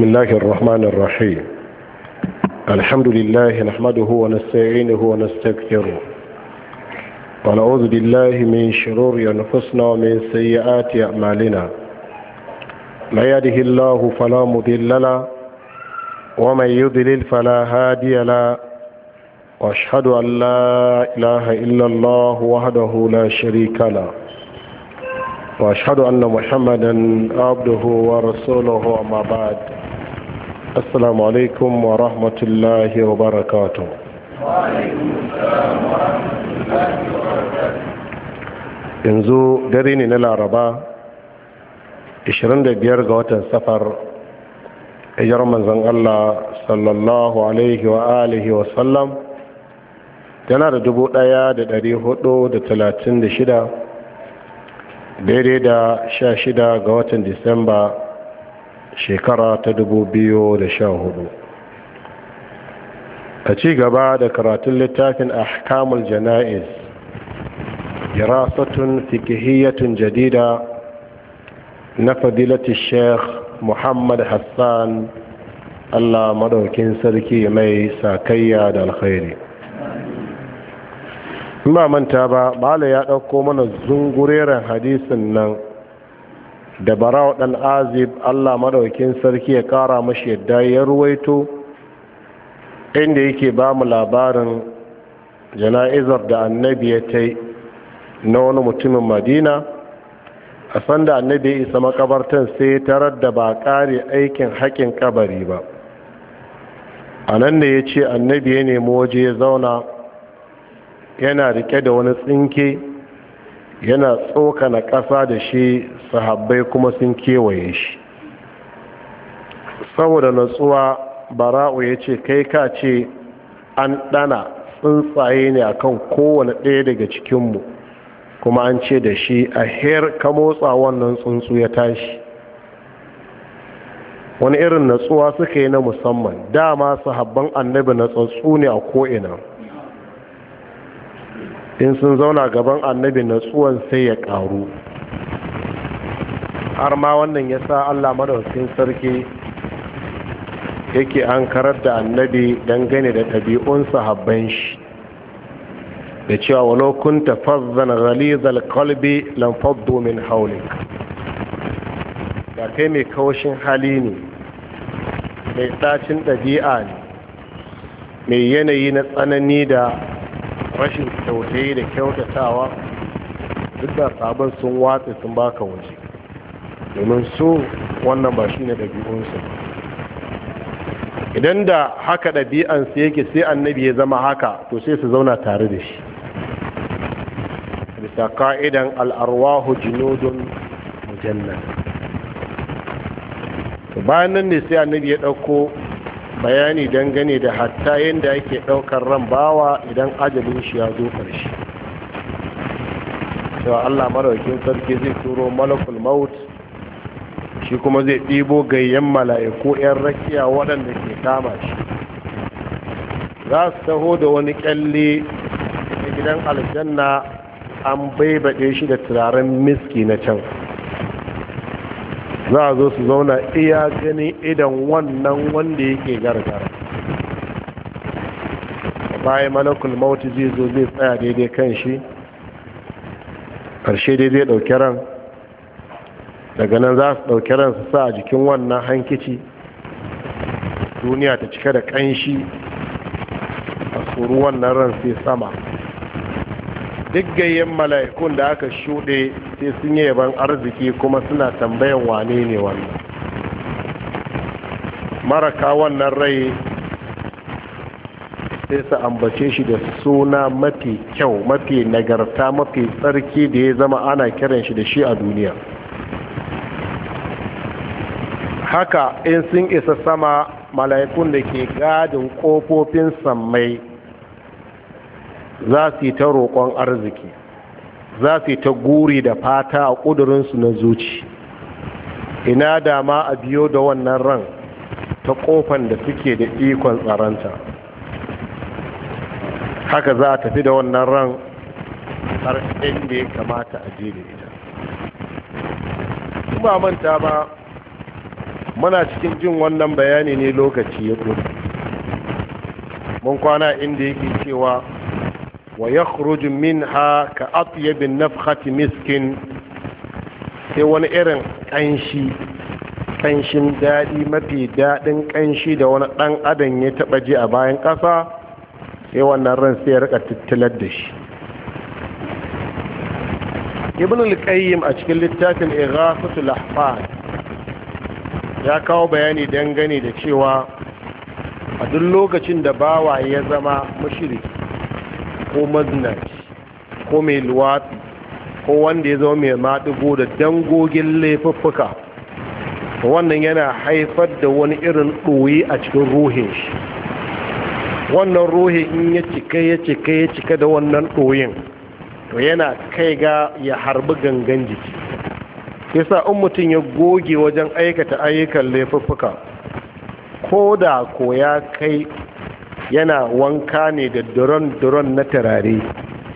بسم الله الرحمن الرحيم الحمد لله نحمده ونستعينه ونستغفره ونعوذ بالله من شرور أنفسنا ومن سيئات أعمالنا ما يهده الله فلا مضل له ومن يضلل فلا هادي له واشهد ان لا اله الا الله وحده لا شريك له واشهد ان محمدا عبده ورسوله وما بعد السلام عليكم ورحمة الله وبركاته yanzu dare ne na laraba 25 ga watan safar ayyar manzan Allah sallallahu alaihi wa alihi wa sallam yana da 1436 daidai da 16 ga watan disamba shekara ta dubu biyu da sha hudu. Ka ci gaba da karatun littafin ahkamul jana'iz girasatun fikihiyatun jadida na fadilati sheikh muhammad hassan allah madaukin sarki mai sakayya da alkhairi ba manta ba bala ya ɗauko mana zungureren hadisin nan da barawa ɗan azib Allah maɗaukin sarki ya ƙara mashi yadda ya ruwaito inda yake ba mu labarin jana'izar da annabi ya tai na wani mutumin madina a sanda annabi ya isa makabartan sai tarar da ba kare aikin haƙin ƙabari ba a nan da ya ce annabi ya nemi waje ya zauna yana rike da wani tsinke yana tsokana ƙasa da shi sahabbai kuma sun kewaye shi saboda natsuwa bara'u ya ce kai ka ce an ɗana tsuntsaye ne a kan kowane ɗaya daga cikinmu kuma an ce da shi a her ka motsa wannan tsuntsu ya tashi wani irin natsuwa suka yi na musamman dama sahabban annabi na tsatsu ne a ko'ina in sun zauna gaban annabi natsuwan sai ya ƙaru har ma wannan ya sa allah madaukakin sarki yake an karar da annabi dangane da ɗabi'un sahabban shi da cewa walau kunta fazzan ghalizal qalbi lam faddu min hawlik da kai mai kaushin hali ne mai tsacin ɗabi'a ne mai yanayi na tsanani da rashin kyautai da kyautatawa duk da sabon sun watsa sun baka waje domin so wannan ba shi ne ɗabi'unsu idan da haka ɗabi'ansu yake sai annabi ya zama haka to sai su zauna tare da shi bisa ka'idan al'arwahu jinudun mujallar bayan nan ne sai annabi ya ɗauko bayani dangane da hatta yadda yake daukar ran bawa idan ajalin shi ya zo karshe cewa Allah maraukin sarki zai turo malakul maut shi kuma zai ɗibo gayyen mala'iku 'yan rakiya waɗanda ke kama shi za su taho da wani kyalle a gidan aljanna an baibaɗe shi da turaren miski na can za a zo su zauna iya gani idan wannan wanda yake gargara bayan malakul mauti zai zo zai tsaya daidai kan shi ƙarshe dai zai ɗauki ran daga nan za su ɗauki ran su sa a jikin wannan hankici duniya ta cika da ƙanshi a tsoro wannan ran sai sama duk gayyen mala'ikun da aka shuɗe ce sun yi yaban arziki kuma suna tambayan wane ne wannan maraka wannan rai sai su ambace shi da suna mafi kyau mafi nagarta mafi tsarki da ya zama ana kiran shi da shi a duniya haka in sun isa sama mala'ikun da ke gadin kofofin sammai za su yi ta roƙon arziki za su yi ta guri da fata a ƙudurinsu na zuci ina dama a biyo da wannan ran ta ƙofan da suke da ikon tsaranta haka za a tafi da wannan ran har inda ya kamata a je da ita ba manta ba muna cikin jin wannan bayani ne lokaci ya ƙuri mun kwana inda yake cewa wa yakhruju minha ka atyab miskin sai wani irin kanshi kanshin daɗi mafi daɗin kanshi da wani ɗan adam ya taɓa ji a bayan ƙasa sai wannan ran sai ya rika tattalar da shi ibn al-qayyim a cikin littafin ighafatul ahfad ya kawo bayani dangane da cewa a duk lokacin da bawa ya zama mushriki ko mazinaci ko mai luwaɗi ko wanda ya zama mai maɗigo da dangogin laifuffuka wannan yana haifar da wani irin ɗoyi a cikin ruhin shi wannan ruhin in ya cika ya cika ya cika da wannan ɗoyin to yana kai ga ya harbi gangan jiki yasa in mutum ya goge wajen aikata ayyukan laifuffuka ko da ko ya kai yana wanka ne da duron-duron na turare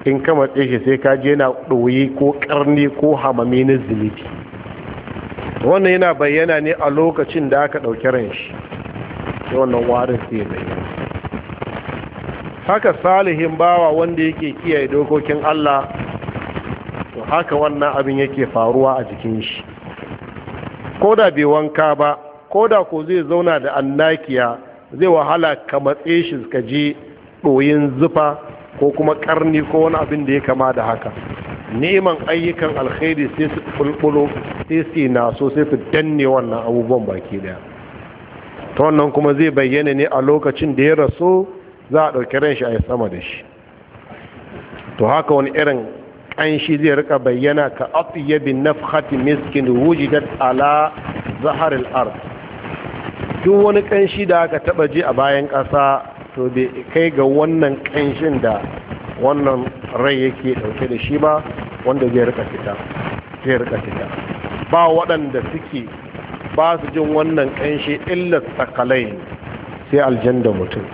in ka tsaye shi sai ka je yana ɗoyi ko ƙarni ko hamami na zunubi wannan yana bayyana ne a lokacin da aka ɗauki ran shi da wannan warin sai ya bayyana haka salihin bawa wanda yake kiyaye dokokin Allah to haka wannan abin yake faruwa a jikin shi ko da bai wanka ba ko da ko zai zauna da annakiya zai wahala ka matse shi ka je ɗoyin zufa ko kuma karni ko wani abin da ya kama da haka neman ayyukan alkhairi sai su ƙulƙulo sai su na so sai su danne wannan abubuwan baki daya ta wannan kuma zai bayyana ne a lokacin da ya rasu za a ɗauki ran shi a yi sama da shi to haka wani irin ƙanshi zai rika bayyana ka na nafhati miskin wujidat ala zaharil al duk wani kanshi da aka taba ji a bayan ƙasa to bai kai ga wannan kanshin da wannan rai yake dauke da shi ba wanda zai rika fita zai rika fita ba waɗanda suke ba su jin wannan kanshi illa tsakalai sai aljanda mutum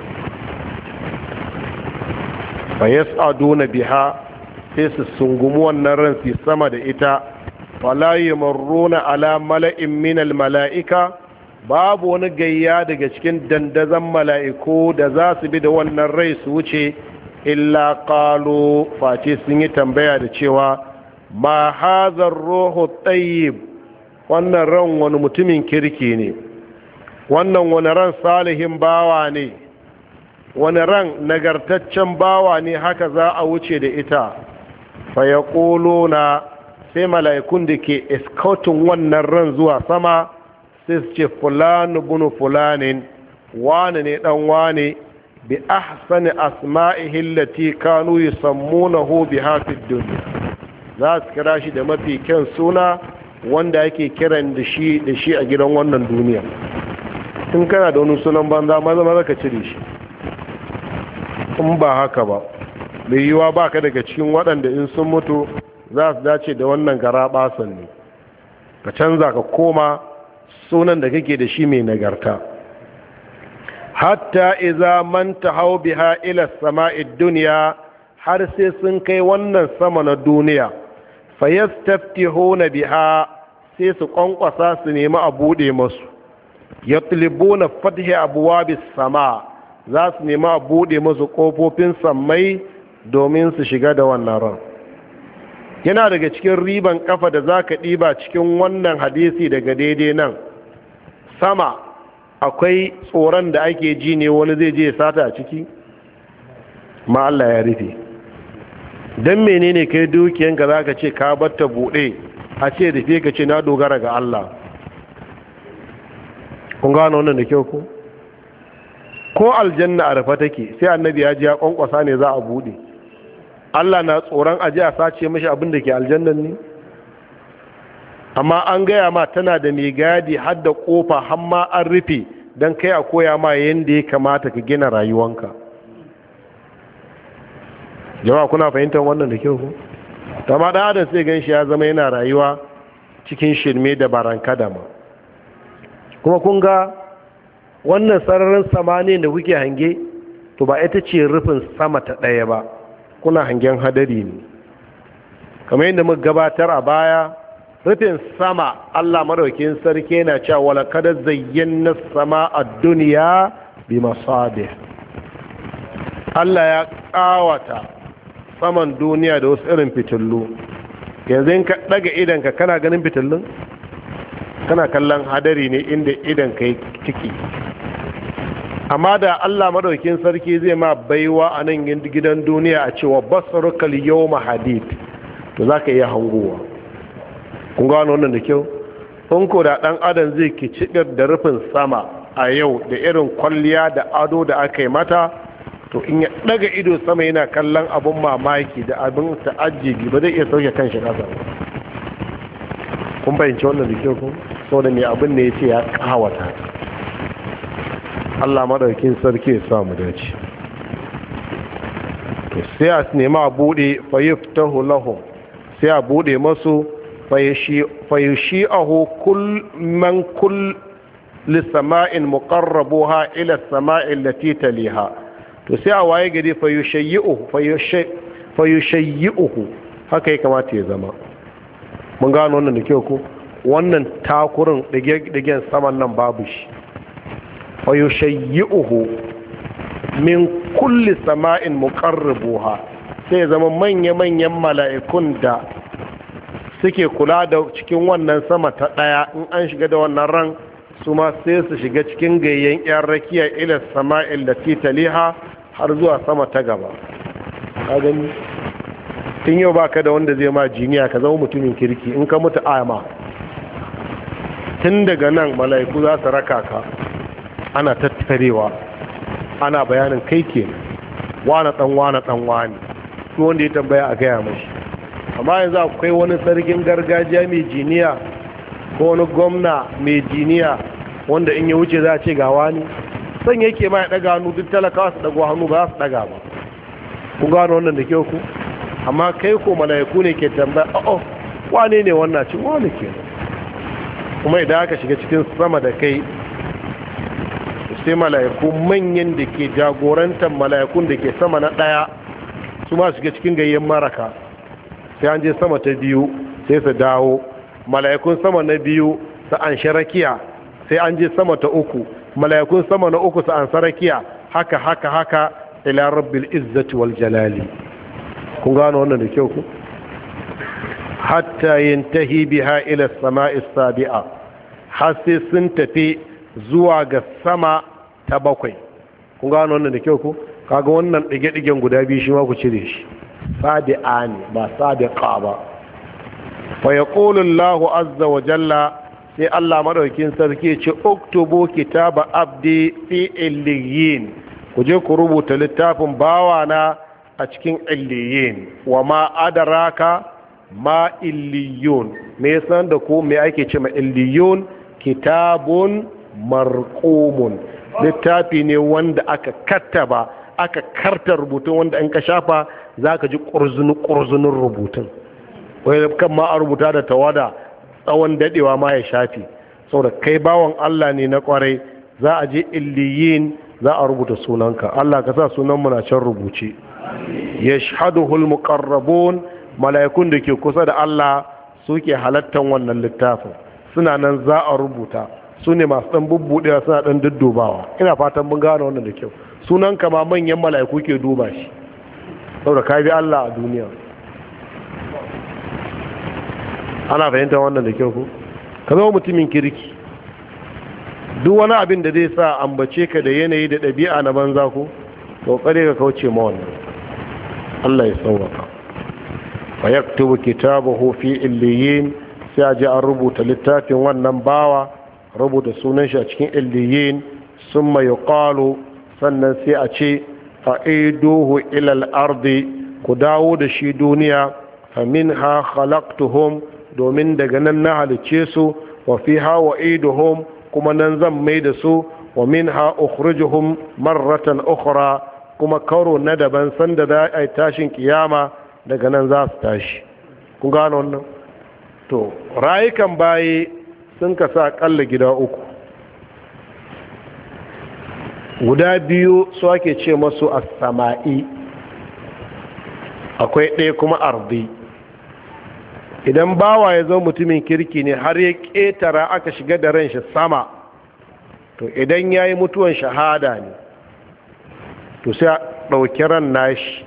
fa yas'aduna biha sai su sungumu wannan ran sama da ita falayi yamarruna ala mala'in minal mala'ika babu wani gayya daga cikin dandazon mala'iku da za su bi da wannan rai su wuce illa ƙalo face sun yi tambaya da cewa ma hazar roho tsayib wannan ran wani mutumin kirki ne wannan wani ran salihin bawa ne wani ran nagartaccen bawa ne haka za a wuce da ita faya na sai mala'ikun da ke iskautin wannan ran zuwa sama sai su ce fulani bunu fulanin wane ne dan wane bi ahsani asma'ihi lati kanu yusammunahu biha fid dunya za su kira shi da mafi kyan suna wanda yake kiran da shi da shi a gidan wannan duniya in kana da wani sunan banza maza maza ka cire shi in ba haka ba mai yiwa ba ka daga cikin waɗanda in sun mutu za su dace da wannan gara basan ne ka canza ka koma sunan da kake da shi mai nagarta hatta iza man biha ila sama'id duniya har sai sun kai wannan sama na duniya fayastaftihuna biha sai su kwankwasa su nemi a bude masu yatlibuna fathi abwabis sama za su nemi a bude masu kofofin sammai domin su shiga da wannan ran yana daga cikin riban kafa da za ka ɗiba cikin wannan hadisi daga daidai nan sama akwai tsoron da ake ji ne wani zai je sata a ciki ma Allah ya rufe don menene kai dukiyanka za ka ce ka batta buɗe a ce rufe ka ce na dogara ga Allah kun gano wannan da kyau ko ko aljanna a rufe take sai annabi ya ji ya kwankwasa ne za a buɗe Allah na tsoron aji a sace mashi abin da ke aljannan ne amma an gaya ma tana da mai gadi har da kofa har ma an rufe don kai a koya ma yadda ya kamata ka gina rayuwanka jama'a kuna fahimtar wannan da kyau ta ma da adam sai ganshi ya zama yana rayuwa cikin shirme da baranka da ma kuma kun ga wannan sararin samaniya da kuke hange to ba ita ce rufin sama ta ɗaya ba kuna hangen hadari ne kamar yadda muka gabatar a baya rufin sama Allah maraukin sarki yana cewa wala kada na sama a duniya bi masabi Allah ya kawata saman duniya da wasu irin fitillu yanzu in ka daga idanka kana ganin fitillun kana kallon hadari ne inda idanka ya ciki amma da Allah madaukin sarki zai ma baiwa a nan gidan duniya a cewa basarukal yau hadid to za ka iya hanguwa. kun gano wannan da kyau in ko da dan adam zai cikar da rufin sama a yau da irin kwalliya da ado da aka yi mata to in ya daga ido sama yana kallon abun mamaki da abin ta'ajjibi ba zai iya sauke kan shiga kasa kun fahimci wannan da kyau kun da mai abin ne ya ce ya kawata Allah madaukin sarki ya samu dace to sai a nema bude fayyaftahu lahum sai a bude masu fayushi'ahu man kull lissama'in muqarrabuha ila sama'in lati taliha to sai a waye gari fayushayyi'uhu haka ya kamata ya zama mun gano wannan da kyau ko wannan takurin digen saman nan babu shi fayushayyi'uhu min kulli sama'in ha, sai zama manya-manyan mala'ikun da suke kula da cikin wannan sama ta ɗaya in an shiga da wannan ran su ma sai su shiga cikin gayyen 'yan rakiya ila sama'il da titaliha har zuwa sama ta gaba ka gani tun yau ba ka da wanda zai ma jiniya ka zama mutumin kirki in ka mutu ama tun daga nan mala'iku za su raka ka ana tattarewa ana bayanin kai ke wane ɗan wane ɗan wane wanda ya tambaya a gaya mashi amma yanzu akwai wani sarkin gargajiya mai jiniya ko wani gwamna mai jiniya wanda in ya wuce za a ce ga wani son yake ma ya daga hannu duk talakawa su dago hannu ba za su daga ba ku gano wannan da kyau ku amma kai ko mala'iku ne ke tambaya a'o oh, oh, wane ne wannan cin wani ke kuma idan aka shiga cikin sama da kai sai mala'iku manyan da ke jagorantar mala'ikun da ke sama na ɗaya, su ma shiga cikin gayyen maraka sai an je sama ta biyu sai su dawo mala'ikun sama na biyu su an sharakiya sai an je sama ta uku mala'ikun sama na uku su an sarakiya haka haka haka ila rabbil izzati wal jalali kun gano wannan da kyau ku hatta yantahi biha ila sama'is sabi'a har sai sun tafi zuwa ga sama ta bakwai kun gano wannan da kyau ku kaga wannan dige-digen guda biyu shi ma ku cire shi sabi'a ne ba sabiqa ba fa yaqulu Allahu azza wa jalla sai Allah madaukin sarki ya ce uktubu kitaba abdi fi illiyin ku je ku rubuta littafin na a cikin illiyin wa ma adraka ma illiyun me san da ku me ake ce ma illiyun kitabun marqumun littafi ne wanda aka kattaba aka karta rubutun wanda in ka shafa za ka ji ƙurzunin rubutun wai kan ma a rubuta da tawada tsawon daɗewa ma ya shafi saboda kai bawan Allah ne na kwarai za a je illiyin za a rubuta sunanka Allah ka sa sunanmu na can rubuce yashhaduhul muqarrabun mala'ikun da ke kusa da Allah suke halattan wannan littafin suna nan za a rubuta su ne masu ɗan bubbuɗewa suna ɗan duddubawa ina fatan mun gane wannan da kyau sunan ma manyan mala'iku ke duba shi saboda ka bi Allah a duniya ana fahimta wannan da kyau ko ka zama mutumin kirki duk wani abin da zai sa ambace ka da yanayi da ɗabi'a na banza ko kokare ka kauce ma wannan Allah ya sauwaka wa yaktubu kitabahu fi illiyin sai aje an rubuta littafin wannan bawa rubuta sunan shi a cikin illiyin summa yuqalu sannan sai a ce fa'iduhu ilal ardi ku dawo da shi duniya famin ha khalaqtuhum domin daga nan na halice su wa fi ha kuma nan zan mai da su wa min ha ukhrijuhum marratan ukhra kuma karo na daban sanda za a tashin kiyama daga nan za su tashi kun gano wannan to rayukan bayi sun ka sa ƙalla gida uku guda biyu su ake ce masu a samai akwai ɗaya kuma ardi idan bawa ya zo mutumin kirki ne har ya ƙetara aka shiga da ran shi sama to idan ya yi mutuwan shahada ne to sai a ɗauki ran nashi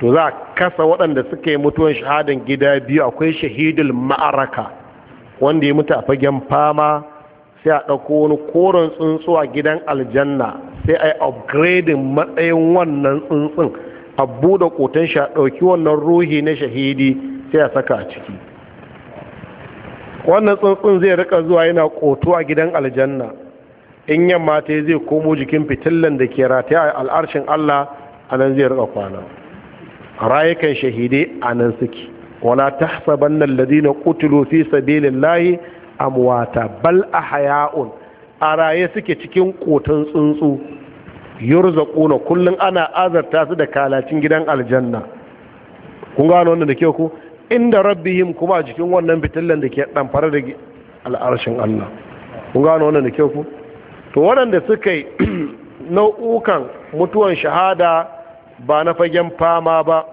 to za a kasa waɗanda suka yi mutuwan shahadan gida biyu akwai shahidul ma'araka wanda ya mutu a fagen fama sai a ɗauko wani koren tsuntsu a gidan aljanna sai a yi upgrading matsayin wannan tsuntsun a buɗe ƙoton shi a ɗauki wannan ruhi na shahidi sai a saka a ciki wannan tsuntsun zai rika zuwa yana ƙoto a gidan aljanna in yamma ta zai komo jikin fitillan da ke rataya a al'arshin allah a nan zai rika kwana rayukan shahidai a nan suke wala tahsabanna ladina qutilu fi sabilillahi amwata bal hayaun a raye suke cikin kotun tsuntsu kuna kullum ana azarta su da kalacin gidan aljanna kun gano wannan da ke ku inda rabbihim kuma a cikin wannan fitillan da ke damfara da al'arshin Allah kun gano wannan da ke ku to waɗanda suka yi nau'ukan mutuwan shahada ba na fagen fama ba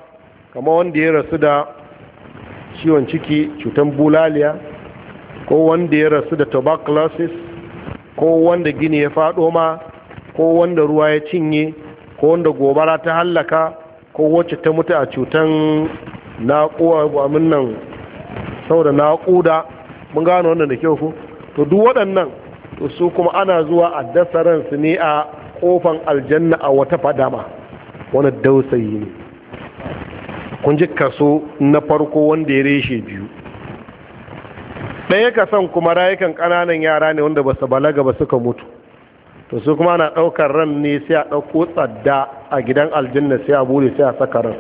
kama wanda ya rasu da ciwon ciki cutan bulaliya ko wanda ya rasu da tuberculosis ko wanda gini ya faɗo ma ko wanda ruwa ya cinye ko wanda gobara ta hallaka ko wacce ta mutu a cutan naƙuwa nan saboda naƙuda mun gano wannan da kyau ku to duk waɗannan to su kuma ana zuwa a dasa ransu ne a kofan aljanna a wata fadama wani dausayi ne kun ji kaso na farko wanda ya reshe biyu ɗaya kasan kuma rayukan ƙananan yara ne wanda ba su balaga ba suka mutu to su kuma na ɗaukar ran ne sai a ɗauko tsada a gidan aljanna sai a buri sai a saka ran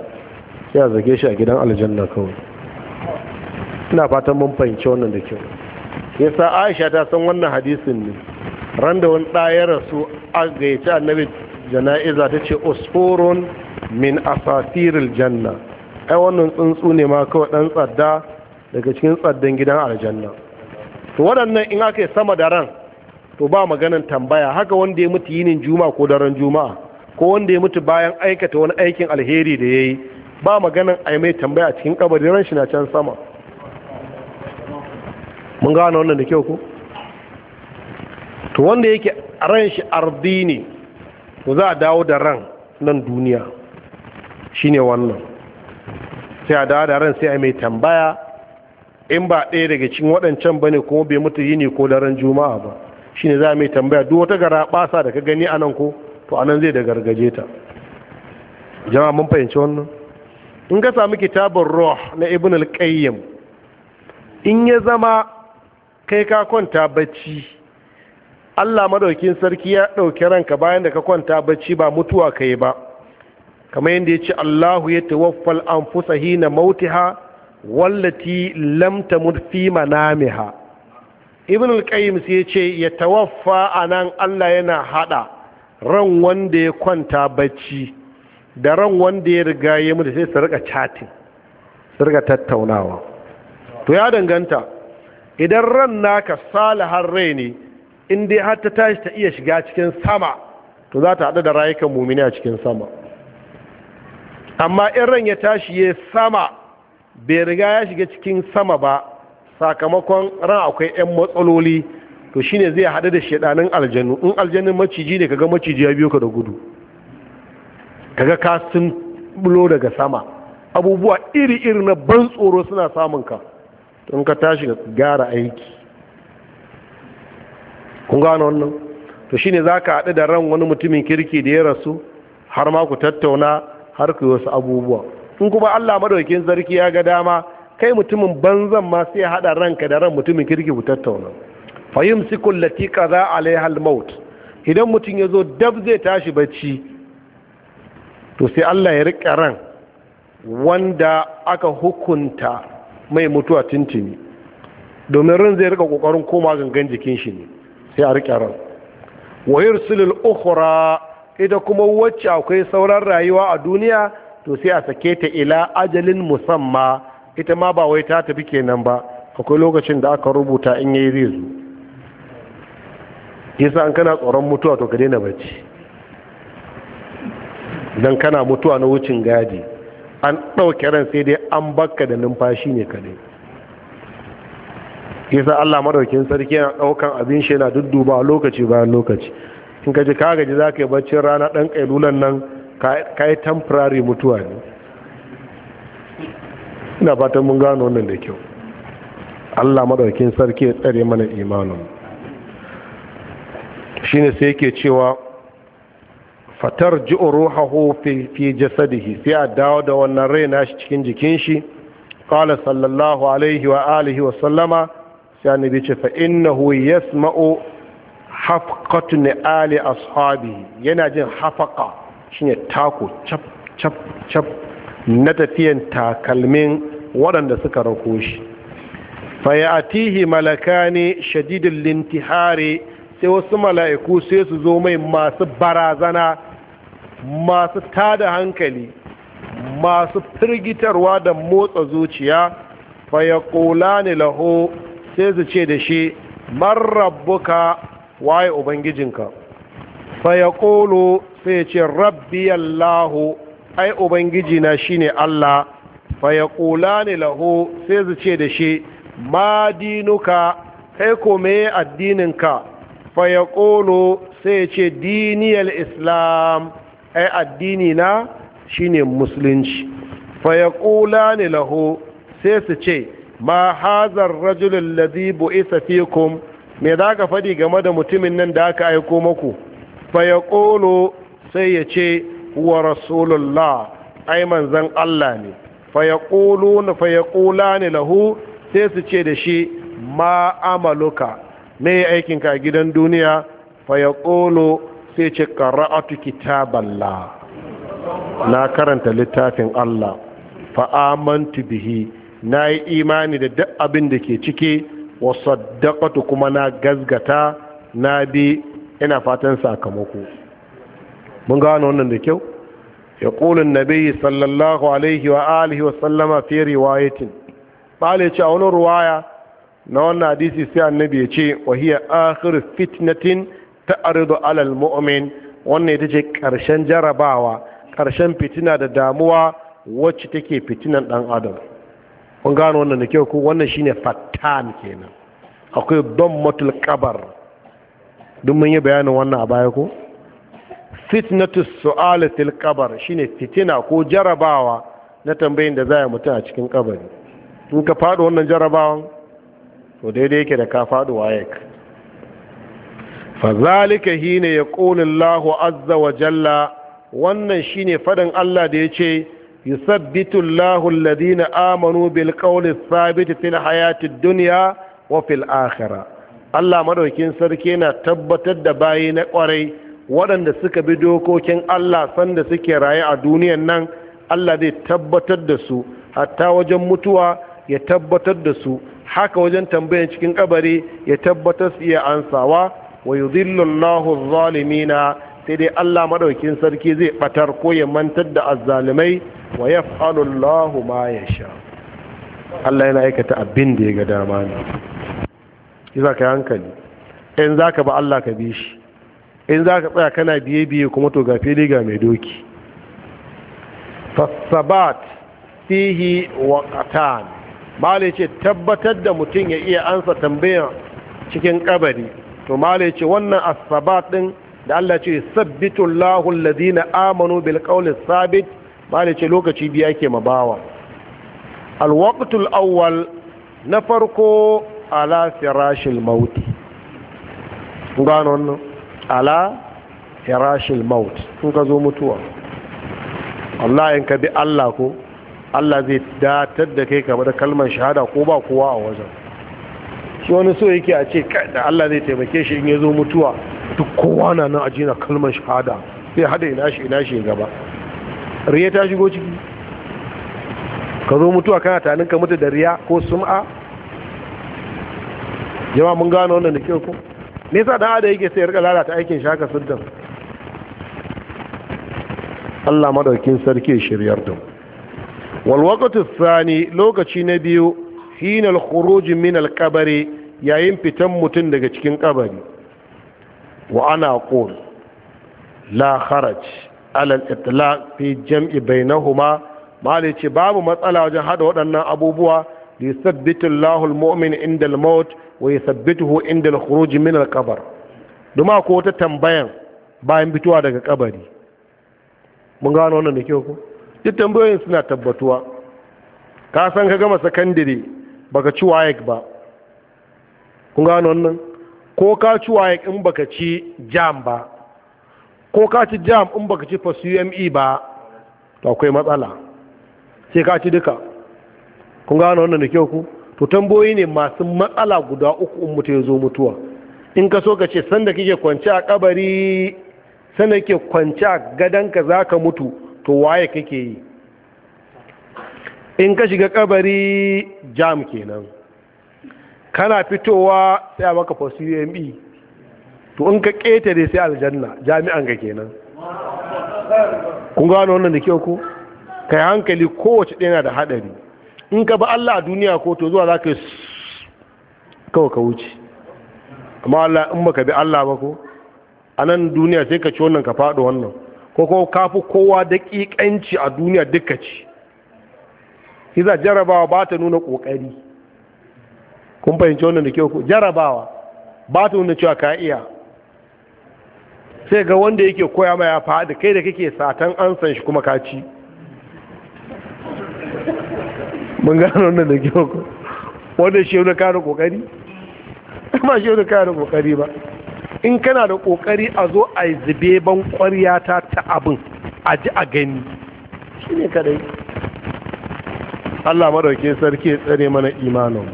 sai a zage shi a gidan aljanna kawai ina fatan mun fahimci wannan da kyau yasa aisha ta san wannan hadisin ne ran da wani ɗaya rasu a gayyaci annabi jana'iza ta ce Osporon min asafiril janna ai wannan tsuntsu ne ma kawai ɗan tsada daga cikin tsaddan gidan aljanna to waɗannan in aka yi sama da ran to ba maganin tambaya haka wanda ya mutu yinin juma'a ko daren juma'a ko wanda ya mutu bayan aikata wani aikin alheri da ya yi ba maganin a mai tambaya a cikin kabari ran shi na can sama mun gano wannan da kyau ko to wanda yake ran shi ardi ne to za a dawo da ran nan duniya shine wannan sai a dawo da ran sai a mai tambaya in ba ɗaya daga cikin waɗancan bane kuma bai mutu yini ko daren juma'a ba shine za mai tambaya duk wata gara ɓasa da ka gani anan ko to anan zai da gargaje ta jama'a mun fahimci wannan in ka samu kitabun roh na ibn al-qayyim in ya zama kai ka kwanta bacci Allah madaukin sarki ya ɗauki ranka bayan da ka kwanta bacci ba mutuwa kai ba kamar yadda ya ce Allahu ya tawaffal anfusa hina mautiha wallati lam murfi manamiha ibn al-qayyim sai ce ya tawaffa anan Allah yana haɗa ran wanda ya kwanta bacci da ran wanda ya riga ya mutu sai su rika chatting su tattaunawa to ya danganta idan ran naka salihar rai ne in dai har ta tashi ta iya shiga cikin sama to za ta hada da rayukan mumini a cikin sama amma in ran ya tashi ya sama bai riga ya shiga cikin sama ba sakamakon ran akwai 'yan matsaloli to shine zai haɗu da shaɗanin aljanu in aljanin maciji ne kaga maciji ya biyo ka da gudu kaga ka sun bulo daga sama abubuwa iri-iri na ban tsoro suna samun ka tun ka tashi ka aiki kun gano wannan to shine za ka haɗu da ran wani mutumin kirki da ya rasu har ma ku tattauna har ku yi wasu abubuwa in kuma Allah madaukin sarki ya ga dama kai mutumin banzan ma sai ya hada ranka da ran mutumin kirki ku tattauna fa yumsiku allati qada alaiha almaut idan mutum yazo dab zai tashi bacci to sai Allah ya rika ran wanda aka hukunta mai mutuwa tintini domin ran zai rika kokarin koma gangan jikin shi ne sai a rike ran wa yursilul ukhra ita kuma wacce akwai sauran rayuwa a duniya to sai a sake ta ila ajalin musamma ita ma ba wai ta tafi kenan ba akwai lokacin da aka rubuta in yayi zai zo yasa an kana tsoron mutuwa to ka daina bacci dan kana mutuwa na wucin gadi an ɗauke ran sai dai an bakka da numfashi ne kadai yasa Allah madaukin sarki yana ɗaukan abin shi yana dudduba lokaci bayan lokaci in ka ji ka gaji za ka yi baccin rana ɗan ƙailulan nan ka yi temporary mutuwa ne ina fatan mun gano wannan da kyau allah madaukin sarki ya tsare mana imanin shi ne sai yake cewa fatar ji'o ruhahu fi jasadihi sai a dawo da wannan rai nashi cikin jikin shi ƙala sallallahu alaihi wa alihi wa sallama sai annabi ce fa innahu yasma'u hafqatu ali ashabi yana jin hafaka. shine tako cap cap cap na tafiyan takalmin waɗanda suka rako shi fayatihi malakani shadidul lintihari sai wasu mala'iku sai su zo mai masu barazana masu tada hankali masu firgitarwa da motsa zuciya fayakulani laho sai su ce da shi marrabbuka waye ubangijinka fayakulu sai ce rabbi allahu ai ubangiji na shine allah fa ya ne laho sai su ce da shi ma dinuka kai ko me addininka fa ya sai ya ce diniyar islam ai addini na shine musulunci fa ya ne laho sai su ce ma hazar rajulun bu isa fikum me za ka faɗi game da mutumin nan da aka aiko maku fa ya sai ya ce huwa rasulullah ai manzan Allah ne kula ne lahu sai su ce da shi ma amaluka me aikin ka gidan duniya fayaqulu sai ce qara'atu kitaballah na karanta littafin Allah fa amantu bihi nayi imani da duk abin da ke ciki wa saddaqatu kuma na gazgata na bi ina fatan sakamako mun gano wannan da kyau ya ƙulun nabi sallallahu alaihi wa alihi wa sallama fiye riwayatin bale ce a wani ruwaya na wannan hadisi sai annabi ya ce wa hiya akhir fitnatin arido alal mu'min wannan ita ce ƙarshen jarabawa ƙarshen fitina da damuwa wacce take fitinan ɗan adam kun gano wannan da kyau ko wannan shine fattan kenan akwai dammatul kabar duk mun yi bayanin wannan a baya ko fitnatus su'alatil fil qabr shine fitina ko jarabawa na tambayin da za mutu a cikin kabari in ka fado wannan jarabawan to daidai yake da ka fado wayek fa zalika ya yaqulu Allahu azza wa jalla wannan shine faɗin Allah da ya yace yusabbitu Allahu alladhina amanu bil qawli thabit fil hayati dunya wa fil akhirah Allah madaukin sarki na tabbatar da bayi na kwarai waɗanda suka bi dokokin Allah sanda suke raye a duniyan nan Allah zai tabbatar da su hatta wajen mutuwa ya tabbatar da su haka wajen tambayan cikin kabari ya tabbatar su iya ansawa wa yudhillu Allahu zalimina sai dai Allah madaukin sarki zai batar ko ya mantar da azzalimai wa yaf'alu Allahu ma yasha Allah yana aikata abin da ya ga dama ne. Yanzu ka hankali, in za ba Allah ka bi shi, in za ka tsaya kana biye-biye kuma to ga fili ga mai doki fasabat fihi waqatan malai ce tabbatar da mutum ya iya ansa tambaya cikin kabari to malai ce wannan asabat din da Allah ce sabbitu alladhina amanu bil qawli sabit malai ce lokaci biya ke mabawa al waqtul awwal na farko ala firashil mauti gano ala irashin maut in ka zo mutuwa Allah in ka bi Allah ko Allah zai datar da kai kamar kalmar shahada ko ba kowa a wajen shi wani so yake a ce da Allah zai taimake shi in ya zo mutuwa duk kowa na nan ajina kalmar shahada sai hada ina shi ina shi gaba riya ta shigo ciki ka zo mutuwa kana tanin ka mutu da riya ko sum'a jama'a mun gano wannan da kyau ko nisa da dan ada yake sai ya rika lalata aikin shaka haka Allah madaukin sarki ya shiryar da wal waqtu thani lokaci na biyu hina al khuruj min al qabr yayin fitan mutun daga cikin kabari wa ana qul la kharaj ala al itlaq fi jam'i bainahuma mali ce babu matsala wajen hada waɗannan abubuwa ليثبت الله المؤمن عند الموت ويثبته عند الخروج من القبر دوما ko ta tambayan bayan fitowa daga kabari mun gano wannan da kyau ko duk tambayoyin suna tabbatuwa ka san ka gama sakandare baka ci wayek ba kun gano wannan ko ka ci wayek in baka ci jam ba ko ka ci jam in baka ci fasume ba to akwai matsala sai ka ci duka kun gano wannan da kyau ku to tamboyi ne masu matsala guda uku in mutu ya zo mutuwa in ka so ka ce sanda kike kwance a kabari sanda kike kwance a ka za ka mutu to waye kake yi in ka shiga kabari jam kenan kana fitowa sai a maka fasirin e. to in ka ƙetare sai aljanna jami'an ka kenan kun gano wannan da kyau ku kai hankali kowace ɗaya na da haɗari in ka ba Allah a duniya ko to zuwa za ka yi kawai ka wuce amma Allah in baka bi Allah ba ko a nan duniya sai ka ci wannan ka faɗo wannan ko ko ka fi kowa da ƙiƙanci a duniya duka ci iza jarabawa ba ta nuna ƙoƙari kun fahimci wannan da kyau jarabawa ba ta nuna cewa ka iya sai ga wanda yake koya ma ya faɗi kai da kake satan an san shi kuma ka ci mun gano wannan da kyau ko wanda shi da kare kokari amma shi da kare kokari ba in kana da kokari a zo a zube ban kwarya ta ta abin a ji a gani shi ne kadai Allah madauke sarki ya tsare mana imanin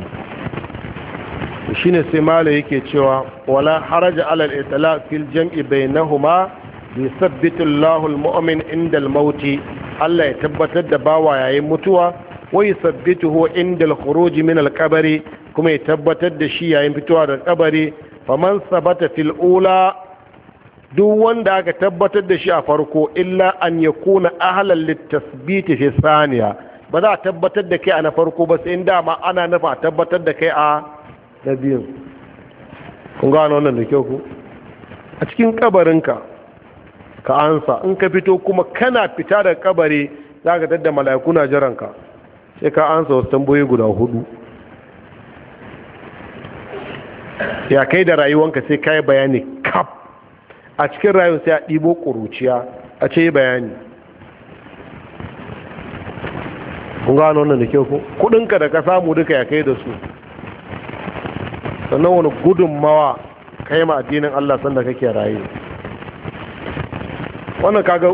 mu ne sai mala yake cewa wala haraja alal itla fil jam'i bainahuma bi Allahu al-mu'min inda al-mauti Allah ya tabbatar da bawa yayin mutuwa sabbitu yusabbituhu inda alkhuruji min al kuma ya tabbatar da shi yayin fitowa daga kabari faman sabata fil ula duk wanda aka tabbatar da shi a farko illa an yakuna ahlan litasbit fi thaniya ba za a tabbatar da kai a na farko ba sai inda ma ana nufa tabbatar da kai a na biyu kun gano wannan da kyau ku a cikin kabarinka ka ansa in ka fito kuma kana fita daga kabari za ka tadda mala'iku na jiranka sai ka ansa wasu tamboyi guda hudu ya kai da rayuwanka sai ka yi bayani kaf a cikin rayuwa sai a ɗibo ƙuruciya a ce yi bayani kun gano wannan da kyau ko kudinka da ka samu duka ya kai da su sannan wani gudunmawa ka yi addinin Allah sanda kake raye wannan kaga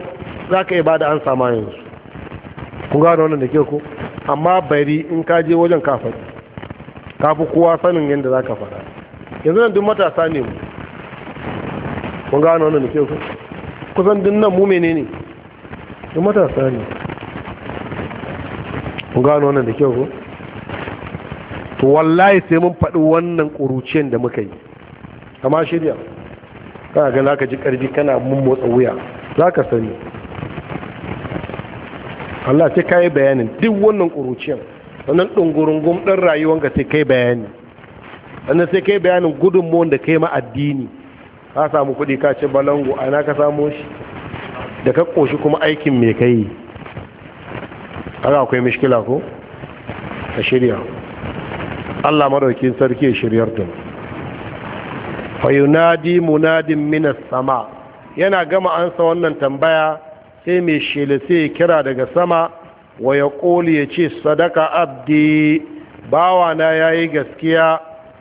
za ka yi ba da an sama yanzu kun gano wannan da kyau ko amma bari in ka je wajen ka faɗi ka fi kowa sanin yadda za ka faɗa yanzu nan duk matasa ne mu kun gano wannan da kyau kusan duk nan mu ne duk matasa ne kun gano wannan da kyau ko to wallahi sai mun faɗi wannan ƙuruciyar da muka yi amma shirya kana ga za ka ji ƙarfi kana mun motsa wuya za ka sani Allah sai kai bayanin duk wannan ƙuruciyar wannan ɗungurungun ɗan rayuwar ka sai kai bayani sannan sai kai bayanin gudunmuwan da kai ma addini ka samu kuɗi ka ci balango a ina ka samu shi da ka ƙoshi kuma aikin mai kai ana akwai mishkila ko a shirya Allah maraukin sarki ya shiryar da fayunadi munadin minas sama yana gama ansa wannan tambaya sai mai shele sai kira daga sama wa ya koli ya ce sadaka abdi na ya yi gaskiya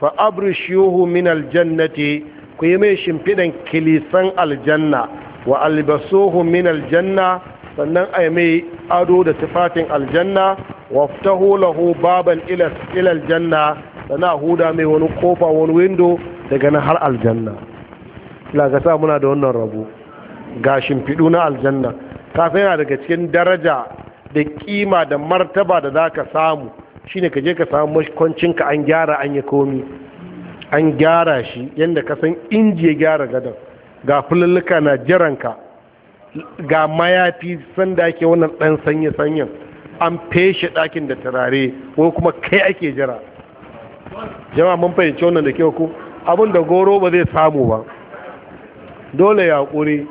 fa abrishuhu min aljannati ku yi mai shimfiɗan kilisan aljanna wa albasuhu min aljanna sannan a mai ado da tufafin aljanna wa ftahu lahu baban ila aljanna sannan huda mai wani kofa wani windo daga na har aljanna ila ga sa muna da wannan rabo ga shimfiɗu na aljanna kafin yana daga cikin daraja da kima da martaba da za ka samu Shi ne ka je ka samu mashkwancinka an gyara an yi komi an gyara shi yadda ka san inji ya gyara gadon ga fululluka na jiranka ga mayafi sanda ake wannan dan sanye-sanyen an feshe ɗakin da turare ko kuma kai ake jira jama mun fahimci wannan da kyau ko abin da goro ba zai samu ba dole ya ƙure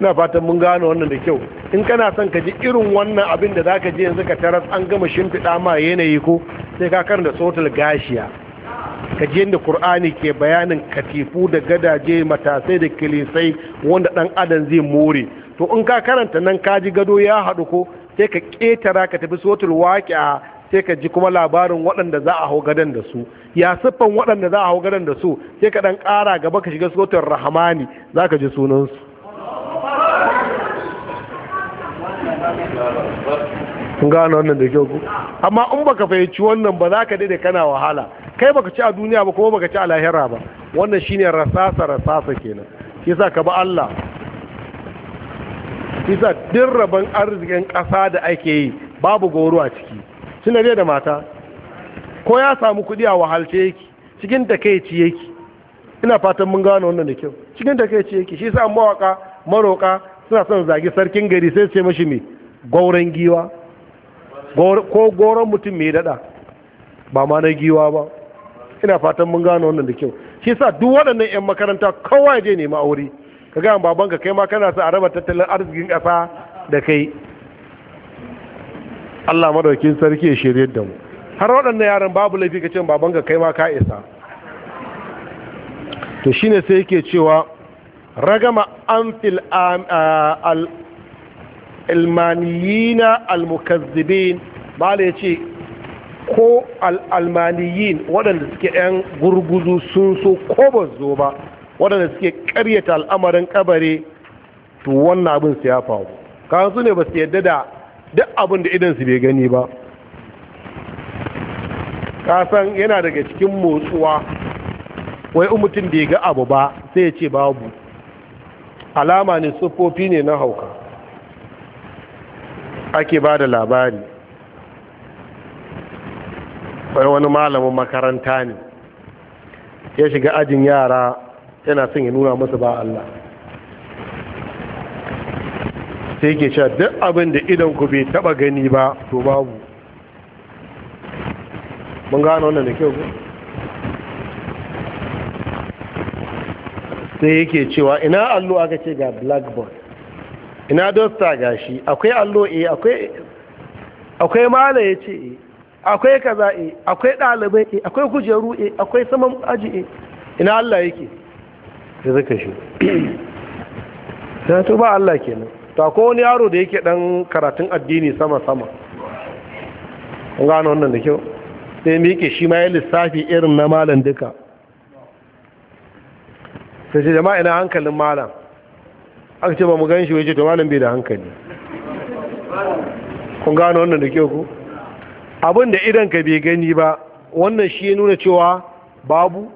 na fatan mun gano wannan da kyau in kana son ka ji irin wannan abin da zaka je yanzu ka taras an gama shimfiɗa ma yanayi ko sai ka karanta sautul gashiya ka ji yadda qur'ani ke bayanin katifu da gadaje matasai da kilisai wanda dan adam zai more to in ka karanta nan ka ji gado ya haɗu ko sai ka ƙetara ka tafi sautul waqi'a sai ka ji kuma labarin waɗanda za a hau gadon da su ya siffan waɗanda za a hau gadon da su sai ka ɗan ƙara gaba ka shiga sotar rahmani za ka ji sunansu kun gano wannan da kyau amma in baka fahimci wannan ba za ka daidai kana wahala kai baka ci a duniya ba kuma baka ci a lahira ba wannan shine rasasa rasasa kenan yasa ka ba Allah yasa din rabon arzikin kasa da ake yi babu goro a ciki suna da mata ko ya samu kuɗi a wahalce yake cikin da ci yake ina fatan mun gano wannan da kyau cikin da ci yake shi sa mawaka maroka suna son zagi sarkin gari sai su ce mashi me gwauren giwa ko goron mutum mai dada ba ma na giwa ba ina fatan mun gano wannan da kyau shi sa duk waɗannan 'yan makaranta kowa ya je nema aure ka gaya babanka kai ma kana sa a raba tattalin arzikin ƙasa da kai Allah madaukin sarki ya shirye da mu har waɗannan yaran babu laifi ka ce ka kai ma ka isa to shine sai yake cewa ragama an fil al almaniyina almukazzibin ba da ce ko al'almaniyin waɗanda suke 'yan gurguzu sun so ko ba zo ba waɗanda suke ƙaryata al'amarin kabari, to wannan abin su ya faru kayan su ne ba su yadda da duk abin da idansu bai gani ba kasan yana daga cikin motsuwa wai in mutum bai ga abu ba sai ya ce babu alama ne tsofaffi ne na hauka ake ba da labari wai wani malamin makaranta ne ya shiga ajin yara yana son ya nuna musu ba Allah sai ke sha duk abin da idan bai taba gani ba to babu mun gano wannan da kyau sai yake cewa ina allo aka ce ga blackboard ina dosta gashi akwai allo eh akwai akwai mala ya ce eh akwai kaza eh akwai ɗalibai eh akwai kujeru eh akwai saman aji eh ina Allah yake sai zaka shi ta to ba Allah kenan to akwai wani yaro da yake dan karatun addini sama sama gano wannan da kyau sai miƙe shi ma ya lissafi irin na malam duka sai jama'a ina hankalin malam aka ce ba mu gan shi wace ce to malam bai da hankali kun gano wannan da kyau ku abin da idan ka bai gani ba wannan shi ya nuna cewa babu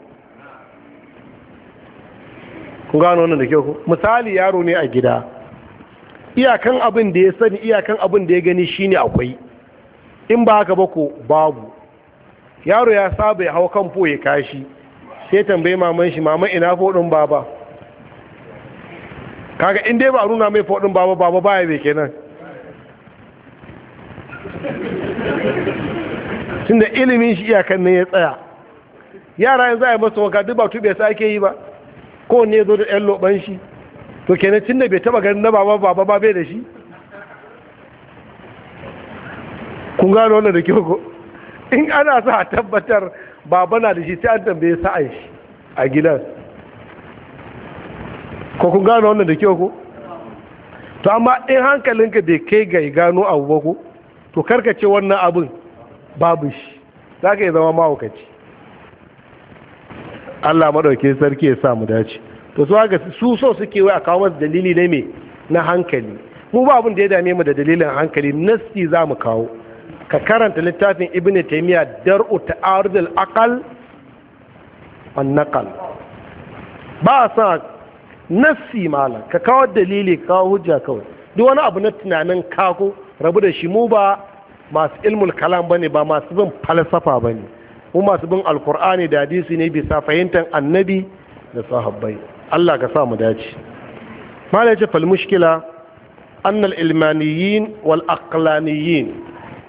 kun gano wannan da kyau ku misali yaro ne a gida iyakan abin da ya sani iyakan abin da ya gani shine akwai in ba haka bako ko babu yaro ya saba ya hau kan fo ya kashi sai tambayi maman shi mama ina ko din baba kaga in dai ba nuna mai ba ba, baba baya bai kenan tunda ilimin shi iyakan ne ya tsaya yara yanzu a yi masa waka duk ba tube sa ake yi ba kowanne ya zo da yan loban shi to kenan da bai taba ganin na baba baba ba bai da shi kun gano wannan da kyau ko in ana sa a tabbatar baba na da shi sai an tambaye sa'an shi a gidan ko kun gano wannan da kyau ko to amma in hankalinka bai kai ga gano abu ba ko to karkace wannan abin babu shi za ka yi zama mahaukaci Allah maɗauke sarki ya sa mu dace to su haka su so suke wai a kawo masu dalili ne mai na hankali mu ba abin da ya dame mu da dalilin hankali nasti za mu kawo ka karanta littafin ibn taymiya dar'u ta'arud al-aqal an naqal ba sa nassi mala ka kawo dalili kawo hujja kawai duk wani abu na tunanin kako rabu da shi mu ba masu ilmul kalam bane ba masu bin falsafa bane mu masu bin alkur'ani da hadisi ne bisa fahimtar annabi da sahabbai Allah ka sa mu dace mala ce fal mushkila an al ilmaniyin wal aqlaniyin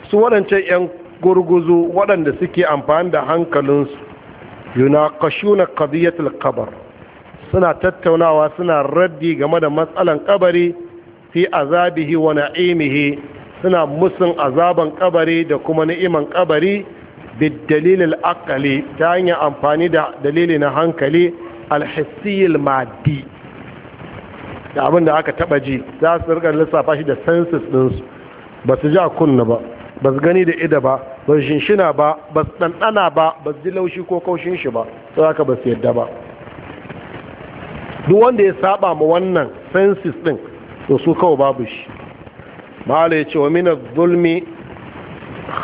su wadance yan gurguzu waɗanda suke amfani da hankalinsu yunaqashuna qadiyatul qabr suna tattaunawa suna raddi game da matsalan kabari fi azabihi wa na'imihi suna musun azaban kabari da kuma ni'iman kabari bidalilil aqli ta hanyar amfani da dalili na hankali alhassiyil madi da abin da aka taba ji za su rika lissafa shi da senses su ba su ja kunna ba ba su gani da ida ba ba su shinshina ba ba su ɗanɗana ba ba su ji laushi ko kaushin shi ba sai haka ba su yadda ba duk wanda ya saba ma wannan sensis din to su kawai babu shi mala ya ce wa mina zulmi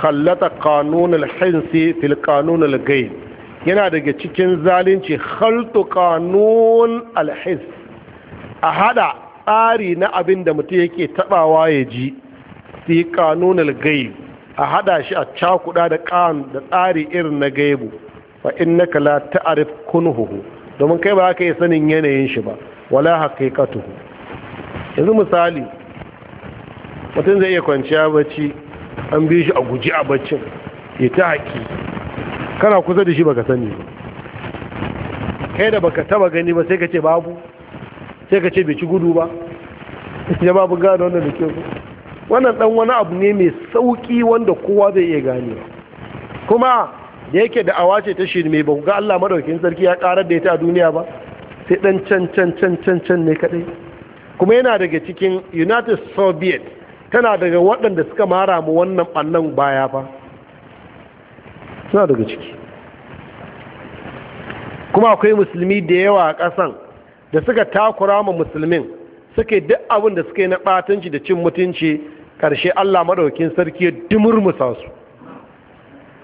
khallata kanunul hinsi fil kanunul gai yana daga cikin zalunci khaltu kanun alhis a hada tsari na abin da mutum yake tabawa ya ji fi kanunul gai a hada shi a cakuda da kan da tsari irin na gaibu fa innaka la ta'rif kunhuhu domin kai ba ka yi sanin yanayin shi ba wala haqiqatuhu yanzu misali mutum zai iya kwanciya bacci an bi shi a guji a baccin ya ta haƙi kana kusa da shi baka sani ba kai da baka taba gani ba sai ka ce babu sai ka ce bai ci gudu ba ya babu gane wannan da ku wannan dan wani abu ne mai sauki wanda kowa zai iya ganewa kuma da yake da awa ce ta shirme ba ga Allah madaukin sarki ya karar da ita a duniya ba sai ɗan can can can can can ne kadai kuma yana daga cikin United Soviet tana daga waɗanda suka mara mu wannan ɓannan baya fa suna daga ciki kuma akwai musulmi da yawa a ƙasan da suka takura ma musulmin suke duk abin da suka yi na ɓatanci da cin mutunci ƙarshe allah maɗaukin sarki ya musa su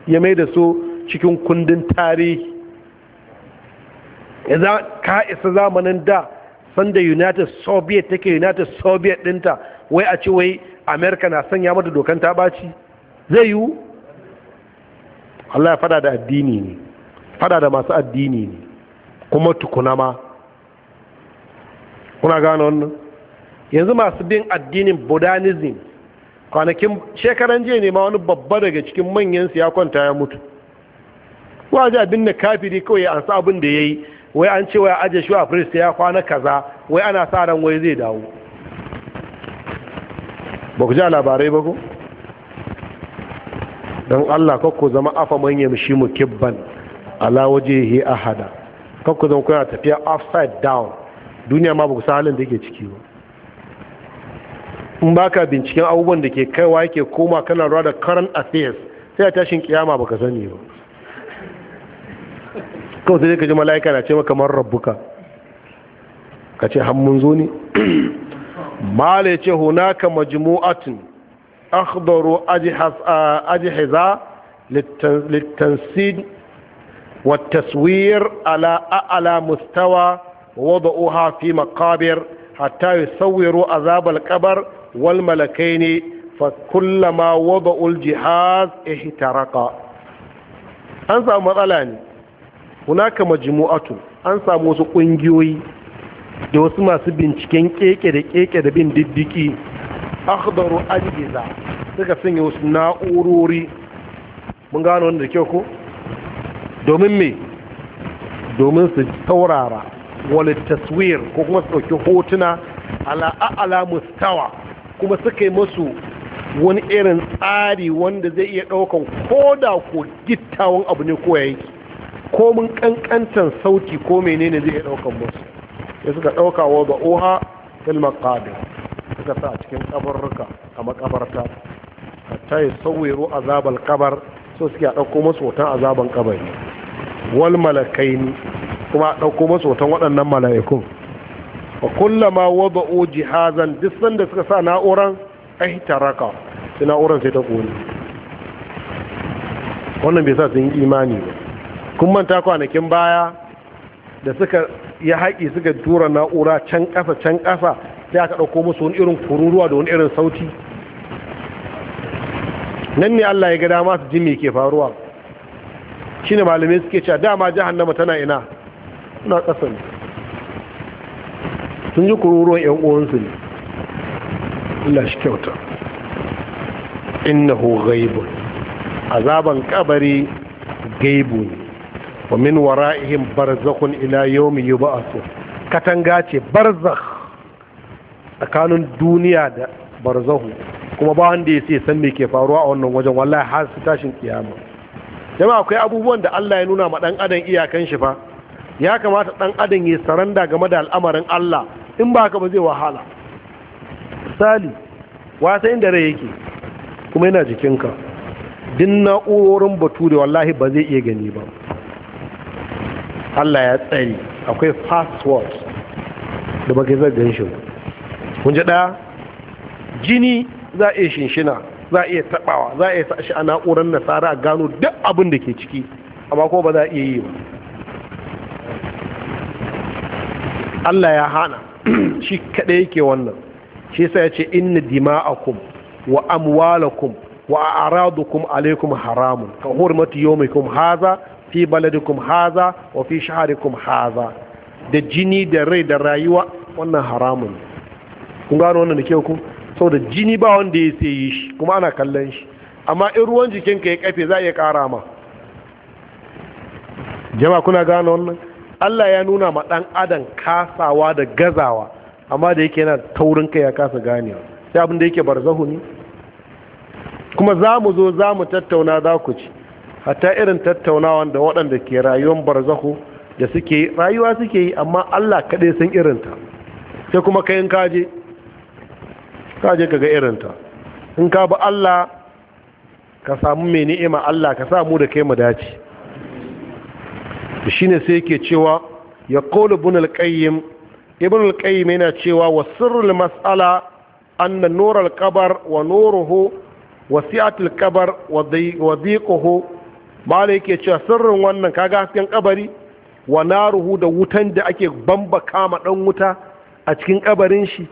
ya mai da su cikin kundin tarihi ka isa zamanin da sanda united soviet take united soviet dinta wai a ci wai america na sanya mata dokan ta baci zai yiwu allah ya fada da addini ne fada da masu addini ne kuma tukuna ma kuna gano wannan yanzu masu bin addinin buddhism kwanakin shekaran jiya ne ma wani babba daga cikin manyan ya kwanta ya mutu ko ji abin da kafiri kawai ya ansa abin da ya yi wai an ce wai aje shi a firist ya kwana kaza wai ana sa ran wai zai dawo ba ku ji labarai ba ku don allah kakku zama afa manya shi mu kibban ala waje ahada kakku zama kuna tafiya upside down duniya ma ba ku sa halin da ke ciki ba in baka binciken abubuwan da ke kaiwa yake koma kana ruwa da current affairs sai a tashin kiyama ka sani ba kawai sai ka ji mala'ika na ce maka man rabbuka ka ce hammun zo ne mala ya ce hunaka majmu'atin akhdaru ajhiza litansid wa taswir ala a'la mustawa wada'uha fi maqabir hatta yusawwiru azab al-qabr wal malakaini fa kullama wada'u al-jihaz ihtaraqa an samu matsala ne hunaka majimu'atu an samu wasu kungiyoyi da wasu masu binciken keke da keke da bin diddiki akhdaru ajiza suka sanya wasu na'urori mun gano wanda kyau ko domin me domin su taurara wal taswir ko kuma su dauki hotuna ala a'la mustawa kuma suka yi musu wani irin tsari wanda zai iya daukan koda ko gittawan abu ne ko komin kankancan sauti ko menene zai daukan musu ya suka dauka wa ba oha fil maqabir suka sa cikin kabarruka a makabarta hatta ya sauwero azabal kabar so suke a dauko musu hoton azaban kabari wal malakaini kuma a dauko musu hoton waɗannan mala'ikun wa kullama wada'u jihazan duk sanda suka sa na'uran ihtaraka sai na'uran sai ta kone wannan bai sa sun yi imani ba kun manta kwanakin baya da suka ya haƙi suka tura na'ura can ƙasa can ƙasa sai aka ɗauko musu wani irin kururuwa da wani irin sauti nan ne Allah ya ga dama su ji ke faruwa Shi ne malamai suke cewa dama jahannama tana ina na ƙasa ne sun ji kururuwan 'yan uwansu ne Allah shi kyauta innahu ghaibun azaban kabari gaibu ne wa min wara'ihim barzakhun ila yawmi yub'ath katanga ce barzakh tsakanin duniya da barzahu kuma ba wanda ya sai san me ke faruwa a wannan wajen wallahi har su tashin kiyama jama'a akwai abubuwan da Allah ya nuna ma dan adam iyakan shi fa ya kamata dan adam ya saranda game da al'amarin Allah in ba haka ba zai wahala Sali, wasa inda rai yake kuma yana jikinka din na'urorin batu da wallahi ba zai iya gani ba Allah ya tsari akwai password da baka zai gan shi kun ji ɗaya jini za a iya shinshina za a iya taɓawa za a iya sa shi a na'urar nasara a gano duk abin da ke ciki amma ko ba za a iya yi ba Allah ya hana shi kaɗai yake wannan shi sai ya ce inna dima'akum wa amwalakum wa aradukum alaikum haramun ka hurmatu yawmikum haza fi baladikum haza wa fi sha'arikum haza da jini da rai da rayuwa wannan haramun kun gano wannan da kyau ku saboda jini ba wanda ya sayi shi kuma ana kallon shi amma in ruwan jikin ka ya kafe za a iya kara ma jama kuna gano wannan Allah ya nuna ma dan adam kasawa da gazawa amma da yake yana taurin kai ya kasa ganewa sai abin da yake barzahu ne kuma za mu zo za mu tattauna za ku ci hatta irin tattaunawan da waɗanda ke rayuwar barzahu da suke yi, rayuwa suke yi amma Allah kaɗai sun irinta sai kuma kai in kaje kaje kaga irinta in ka bi Allah ka samu mai ni'ima Allah ka samu da kai mu dace ne sai ke cewa ya qulu ibn al-qayyim ibn al-qayyim yana cewa wa sirrul mas'ala anna nur al-qabr wa nuruhu wasi'at al-qabr wa dhiquhu malai ke cewa sirrin wannan kaga hasken kabari wa naruhu da wutan da ake bamba kama dan wuta a cikin kabarin shi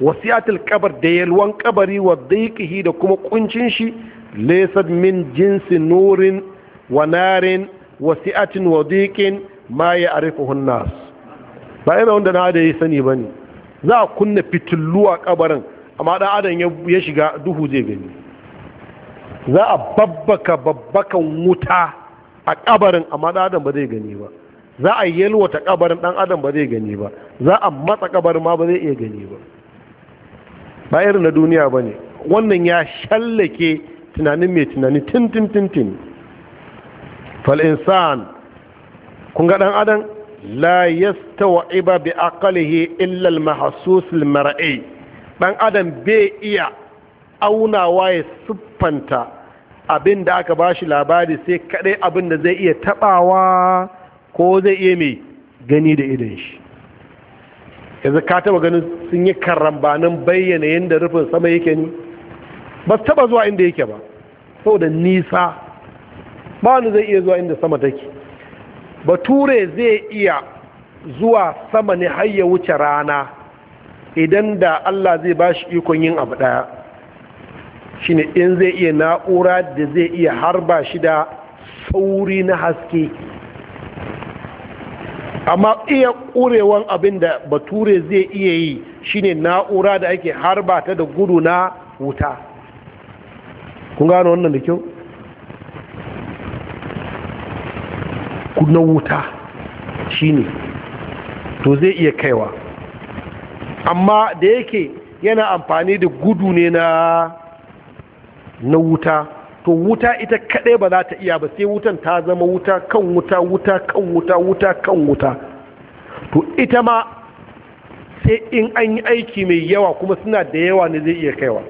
wasi'atul kabar da yalwan kabari wa dhiqihi da kuma kuncin shi laysa min jinsi nurin wa narin wasi'atin wa dhiqin ma ya'rifuhu an-nas ba ina wanda na da yi sani bane za a kunna fitillu a kabarin amma dan adam ya shiga duhu zai gani za a babbaka babbakan wuta a kabarin amma ɗan adam ba zai gani ba za a yalwata kabarin ɗan adam ba zai gani ba za a matsa kabarin ma ba zai iya gani ba ba irin na duniya ba ne wannan ya shallake tunanin mai tunani tintin fal'insan kun ga ɗan adam la yastawa'iba bi aqalihi illa al-mahsus al-mar'i dan adam bai iya aunawa ya siffanta abin da aka bashi labari sai kadai abin da zai iya tabawa ko zai iya mai gani da idan shi yanzu ka taba ganin sun yi karambanin bayyana yadda rufin sama yake ni ba su taba zuwa inda yake ba saboda nisa ba wani zai iya zuwa inda sama take Ba ture zai iya zuwa sama ne har ya wuce rana idan da allah zai ba shi ikon yin abu ɗaya. shine in zai iya na'ura da zai iya harba shi da sauri na haske amma iya ƙurewan abin da bature zai iya yi shine na'ura da ake harba ta da gudu na wuta kun gano wannan da kyau na wuta shine to zai iya kaiwa amma da yake yana amfani da gudu ne na na wuta to wuta ita kaɗai ba za ta iya ba sai wutan ta zama wuta kan wuta wuta kan wuta wuta kan wuta to ita ma sai in an yi aiki mai yawa kuma suna da yawa ne zai iya kaiwa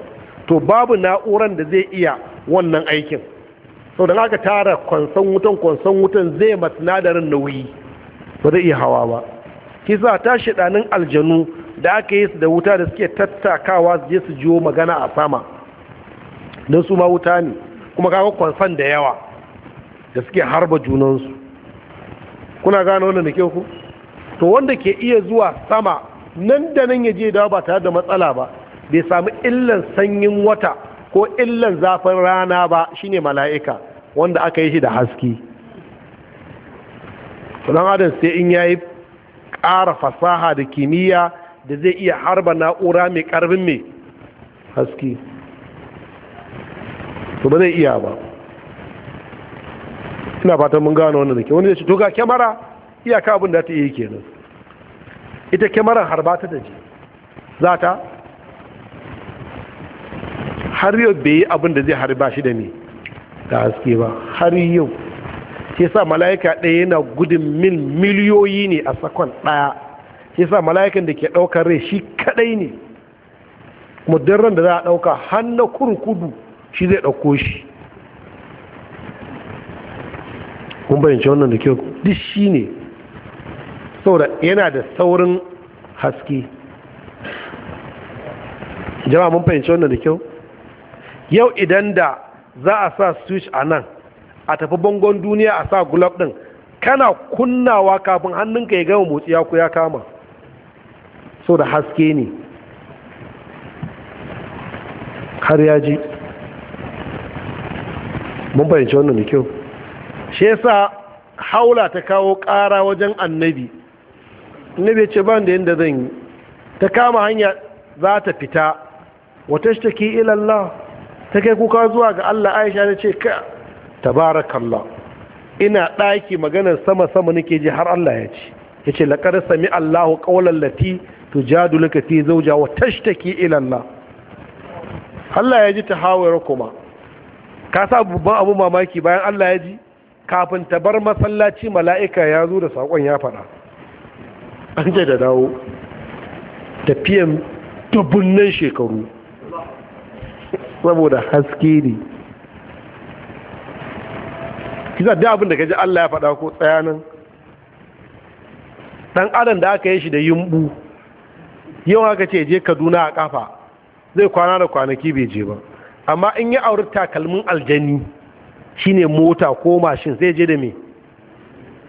to babu na'uran da zai iya wannan aikin sau da aka tara kwanson wutan kwanson wutan zai masinadarin nauyi ba zai iya hawa ba kisa tashi ɗanin aljanu da aka yi su da wuta da suke tattakawa su je su jiwo magana a sama don su ma wuta ne kuma kawo kwanfan da yawa da suke harba junansu kuna gane wannan da kyau ku to wanda ke iya zuwa sama nan da nan ya je dawa ba tare da matsala ba bai samu illan sanyin wata ko illan zafin rana ba shine mala'ika wanda aka yi shi da haske sunan adam sai in ya yi ƙara fasaha da kimiyya da zai iya harba na'ura mai ƙarfin mai haske to ba zai iya ba ina fatan mun gano wannan ke wani zai ce to ga kyamara iyaka abin da ta iya kenan ita kyamarar harba ta daji za ta har yau bai yi abin da zai harba shi da ne da haske ba har yau ke sa mala'ika ɗaya yana gudun mil miliyoyi ne a sakon ɗaya ke sa mala'ikan da ke ɗaukar rai shi kaɗai ne muddin da za a ɗauka hannu kurkudu shi zai ɗauko shi kun bayanci wannan da kyau duk shi ne saboda yana da saurin haske jama'a mun fahimci wannan da kyau yau idan da za a sa switch a nan a tafi bangon duniya a sa gulab ɗin kana kunnawa kafin hannunka ya gama motsi ya ya kama so da haske ne har ya ji mun fahimci wannan da kyau shi yasa haula ta kawo ƙara wajen annabi annabi ce ban da yadda zan yi ta kama hanya za ta fita wata shi ki ilallah ta kai kuka zuwa ga Allah Aisha ta ce ka tabarakallah ina ɗaki maganar sama-sama nake ji har Allah ya ce ya ce laƙar sami Allahu ƙaulallati lati to jadu laka fi zauja ta ki ilallah Allah ya ji ta hawar kuma ka sa babban abu mamaki bayan Allah ya ji kafin ta bar masallaci mala'ika ya zo da saƙon ya faɗa an ce da dawo tafiyan dubunnan shekaru saboda haske ne kisa da abin da ka ji Allah ya faɗa ko tsayanin ɗan adam da aka yi shi da yumbu yau aka ce je kaduna a ƙafa zai kwana da kwanaki bai je ba amma in ya auri takalmin aljani shine mota ko mashin zai je da me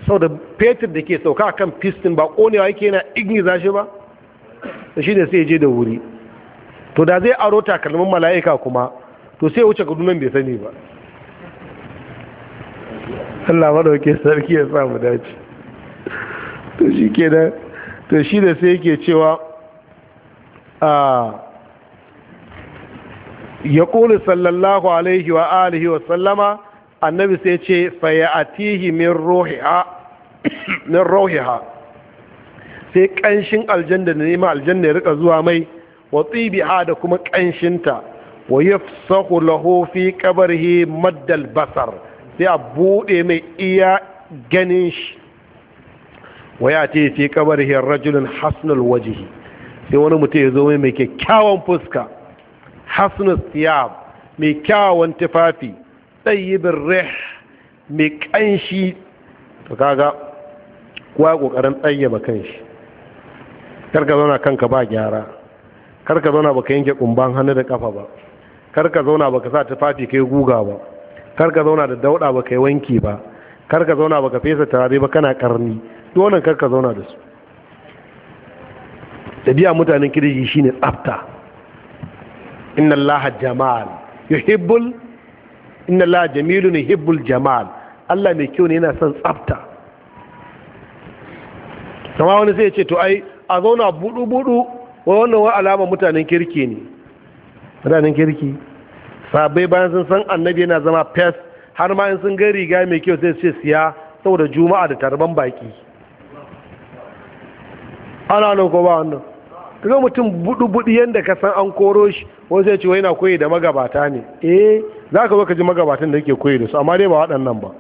sau da fetur da ke sauka kan pistin ba konewa yake yana igniza shi ba da shi ne sai je da wuri to da zai aro takalmin mala'ika kuma to sai wuce gudunan bai sani ba Allah wake sarki ya samu dace to shi ke da to shi da sai yake cewa a ah, ya ƙuli sallallahu alaihi wa alihi wa sallama annabi sai ce tihi min rohiha sai ƙanshin aljanda da nema aljanda ya rika zuwa mai wa tsibiha da kuma ƙanshinta wa sahu lahu fi qabrihi maddal basar sai a buɗe mai iya ganin shi wa ya ce fi qabrihi rajulun hasnul wajihi sai wani mutum ya zo mai kyakkyawan fuska hasnus siyab mai kyawawan tufafi tsayibin rih mai kanshi. to kaga kuwa ƙoƙarin tsayyaba kanshi karka zauna kanka ba gyara karka zauna baka yanke kumban hannu da kafa ba karka zauna baka sa tufafi kai guga ba karka zauna da dauda baka yi wanki ba karka zauna baka fesa turare ba kana karni dole karka zauna da su tabiya mutanen kirji shine tsafta inna allaha jamal yuhibbul inna allaha jamilun yuhibbul jamal Allah mai kyau ne yana son tsafta kama wani sai ce to ai a zauna budu budu wa wannan wa alama mutanen kirki ne mutanen kirki sabai bayan sun san annabi yana zama pes, har ma sun ga riga mai kyau sai su siya saboda juma'a da tarban baki ana nan ko ba wannan kaga mutum budu budu yanda ka san an koro shi ko sai ce wai na koyi da magabata ne eh za ka zo ka ji magabatan da yake koyi da su amma dai ba waɗannan ba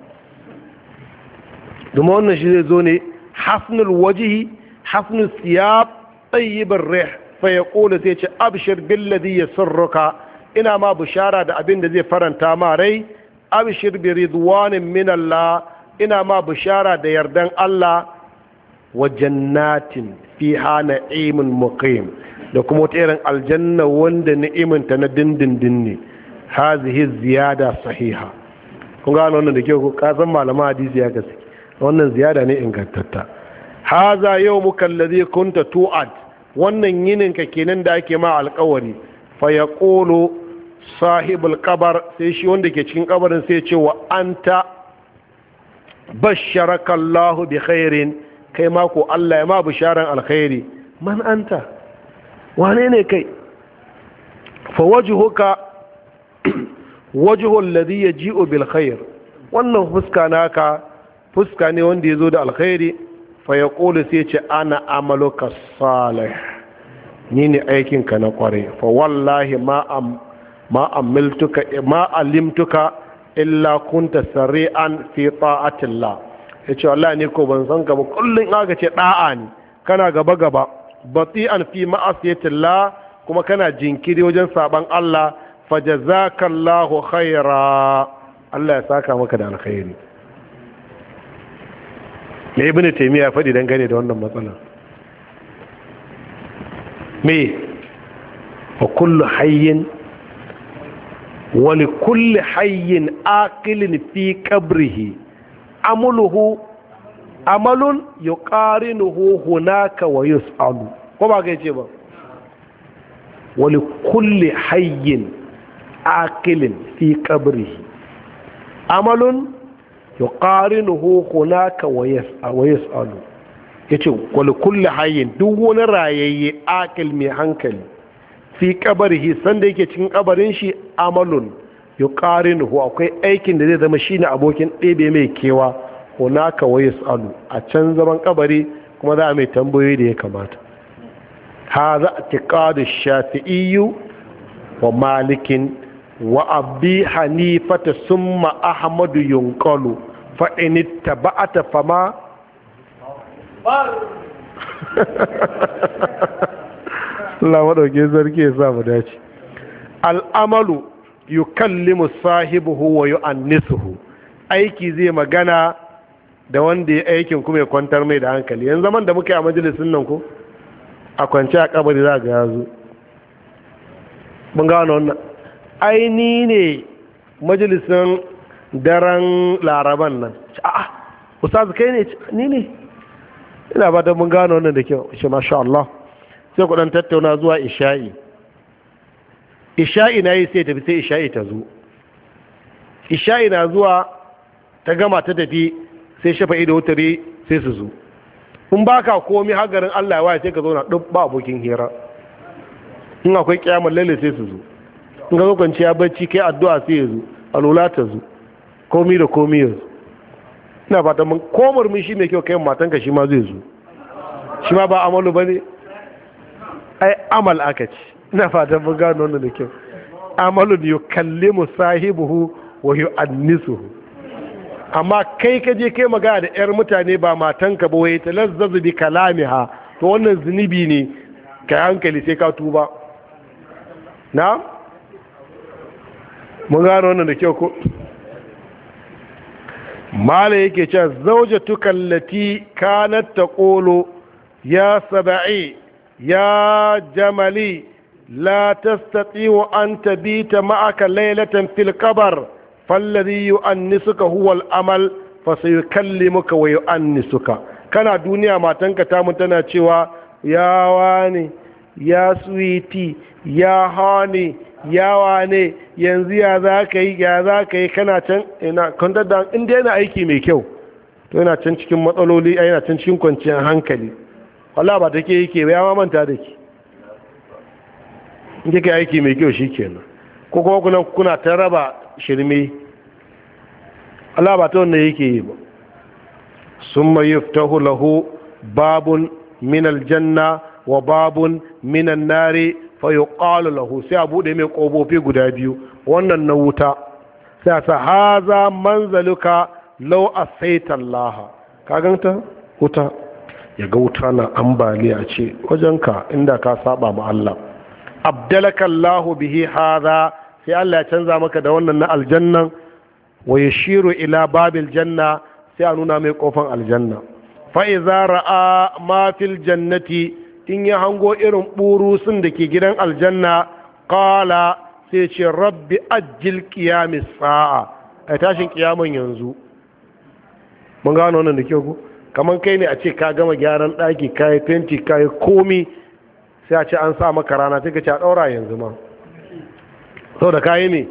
domin wannan shi zai zo ne hafnul wajihi hafnul siyab tayyibar rih fa ya kula sai ce abshir billadi ya sirruka ina ma bishara da abin da zai faranta ma rai abshir bi ridwanin min Allah ina ma bishara da yardan Allah wa jannatin fiha na'imun muqim da kuma wata irin aljanna wanda ni'imanta na dindindin ne hazihi ziyada sahiha kun gano wannan da kyau ka san malama hadisi ya gaske wannan ziyada ne ingantatta haza yau muka allazi kunta tu'ad wannan yinin ka kenan da ake ma alƙawari fa kolo sahibul kabar. sai shi wanda ke cikin kabarin sai ce wa anta basharaka Allah bi khairin kai ma ko Allah ya ma bisharan alkhairi man anta wane ne kai fa wajhuka wajhu ya yaji'u bil khair wannan fuska naka fuska ne wanda ya zo da alkhairi fa yaqulu sai ce ana amaluka salih ni ne aikin ka na kware fa wallahi ma am ma amiltuka ma alimtuka illa kunta sari'an fi ta'atillah yace wallahi ne ko ban san ka ba kullun aka ce da'a ne kana gaba gaba bati'an fi ma'asiyatilla kuma kana jinkiri wajen saban Allah fajazakallahu khaira Allah ya saka maka da alkhairi me ibn taymiya faɗi dangane da wannan matsalar me wa kullu hayyin wa li kulli hayyin aqilin fi qabrihi amuluhu amalun yuqarinuhu hunaka wa tsalu ko ba yi ce ba wani kulle hayyin akilin fi qabrihi amalun yuqarinuhu hunaka wa ya ce wani kulle hayyin duk wani rayayye akil mai hankali fi qabrihi sanda yake cikin kabarin shi amalun yuqarinuhu akwai aikin da zai zama shine abokin ɗebe mai kewa hunaka wa yas'alu a can zaman kabari kuma za a mai tambayoyi da ya kamata hadha i'tiqadu shafi'iyu wa malikin wa abi hanifata summa ahmadu yunqalu fa in ittaba'ata fama Allah madauke ya samu dace al'amalu yukallimu sahibuhu wa yu'annisuhu aiki zai magana da wanda ya aikin kuma ya kwantar mai da hankali yanzu zaman da muka yi a majalisun nan ko a kwanci a kabari za ga yazo mun ga wannan aini ne majalisun daren laraban nan a'a ustaz kai ne ni ne ina da mun gano wannan da kyau shi masha Allah sai ku dan tattauna zuwa isha'i isha'i na yi sai tafi sai isha'i ta zo isha'i na zuwa ta gama ta tafi sai shafa'i da wutari sai su zo in ba ka komi hagarin Allah ya waye sai ka zauna duk ba abokin hira in akwai kiyamar lalle sai su zo in ka zo ya bacci kai addu'a sai ya zo alola ta zo komi da komi ya zo ina fata mun mun shi mai kyau kai ka shi ma zai zo shi ma ba amalu bane ai amal aka ci ina fata mun gano wannan da kyau amalu yukallimu sahibuhu wa yu'annisuhu amma kai ka je kai magana da yar mutane ba matanka ba wai ta lazzazu bi kalamiha to wannan zunubi ne ka hankali sai ka tuba na mun gano wannan da kyau ko mala yake cewa zauje allati kanat kolo ya sab'i ya jamali la wa an tabita ma'aka lailatan fil qabr fallazi yu'annisuka huwal amal fa sayukallimuka wa yu'annisuka kana duniya matanka ta mun tana cewa ya wane ya suwiti ya hane ya wane yanzu ya za ka yi ya za ka yi kana can ina kwantar da inda yana aiki mai kyau to yana can cikin matsaloli yana can cikin kwanciyar hankali Allah ba take yake ba ya mamanta da ke in kika aiki mai kyau shi kenan ko kuma kuna ta raba shirme Allah ba ta wanda yake yi ba summa yuftahu lahu babun min aljanna wa babun minan nare fa yuqalu lahu sai a buɗe mai kofofi guda biyu wannan na wuta sai a sa haza manzaluka a asaita ka ganta wuta ya ga wuta na ambaliya ce wajenka inda ka saba ma Allah abdalaka Allah bihi haza sai Allah ya canza maka da wannan na aljannan wa yashiru ila babil janna sai a nuna mai kofan aljanna fa iza ra'a ma fil jannati in ya hango irin burusun da ke gidan aljanna qala sai ce rabbi ajil qiyamis sa'a ai tashin kiyaman yanzu mun gano wannan da kyau ko kamar kai ne a ce ka gama gyaran ɗaki ka yi fenti ka yi komi sai a ce an sa maka rana sai ka ce a ɗaura yanzu ma sau da kai ne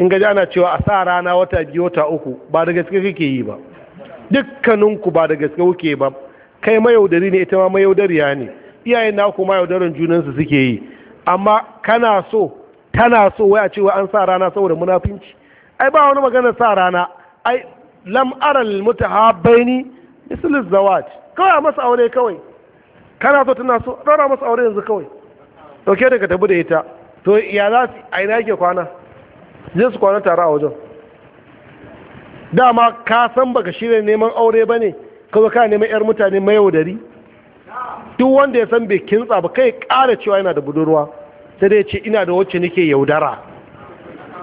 in gaji ana cewa a sa rana wata biyu wata uku ba da gaske kake yi ba dukkaninku ba da gaske kuke ba kai mayaudari ne ita ma mayaudariya ne iyayen naku mayaudarin junansu suke yi amma kana so tana so waya cewa an sa rana saboda munafinci ai ba wani magana sa rana ai lam aral mutahabbaini mislis zawaj kawai a masa aure kawai kana so tana so ɗora masa aure yanzu kawai dauke daga tabu da ita to ya za su a ina yake kwana zai su kwana tare a wajen dama ka san baka shirya neman aure ba ne kawai ka neman 'yar mutane mai mayaudari duk wanda ya san bai kintsa ba kai ƙara cewa yana da budurwa sai dai ce ina da wacce nake yaudara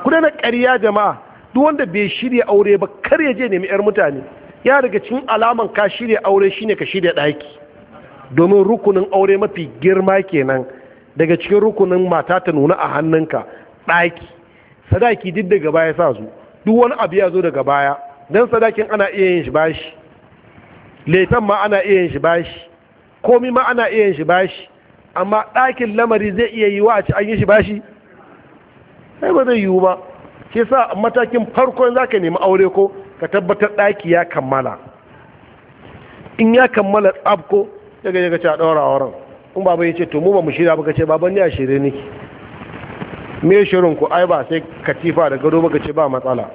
ku na ƙarya jama'a duk wanda bai shirya aure ba kar ya je nemi 'yar mutane ya daga cikin alaman ka shirya aure shine ka shirya ɗaki domin rukunin aure mafi girma kenan daga cikin rukunin mata ta nuna a hannunka ɗaki sadaki duk daga baya sa su duk wani abu ya zo daga baya don sadakin ana iya yin shi bashi laitan ma ana iya yin shi bashi komi ma ana iya yin shi bashi amma ɗakin lamari zai iya wa a ci an yi shi bashi sai ba zai yiwu ba ke sa matakin farkon za ka nemi aure ko ka tabbatar ɗaki ya kammala in ya kammala tsab ko daga daga ci a ɗaura wurin in baba ya ce to mu ba mu shirya ba ka ce baban ne a shirya niki me shirin ku ai ba sai katifa da gado baka ce ba matsala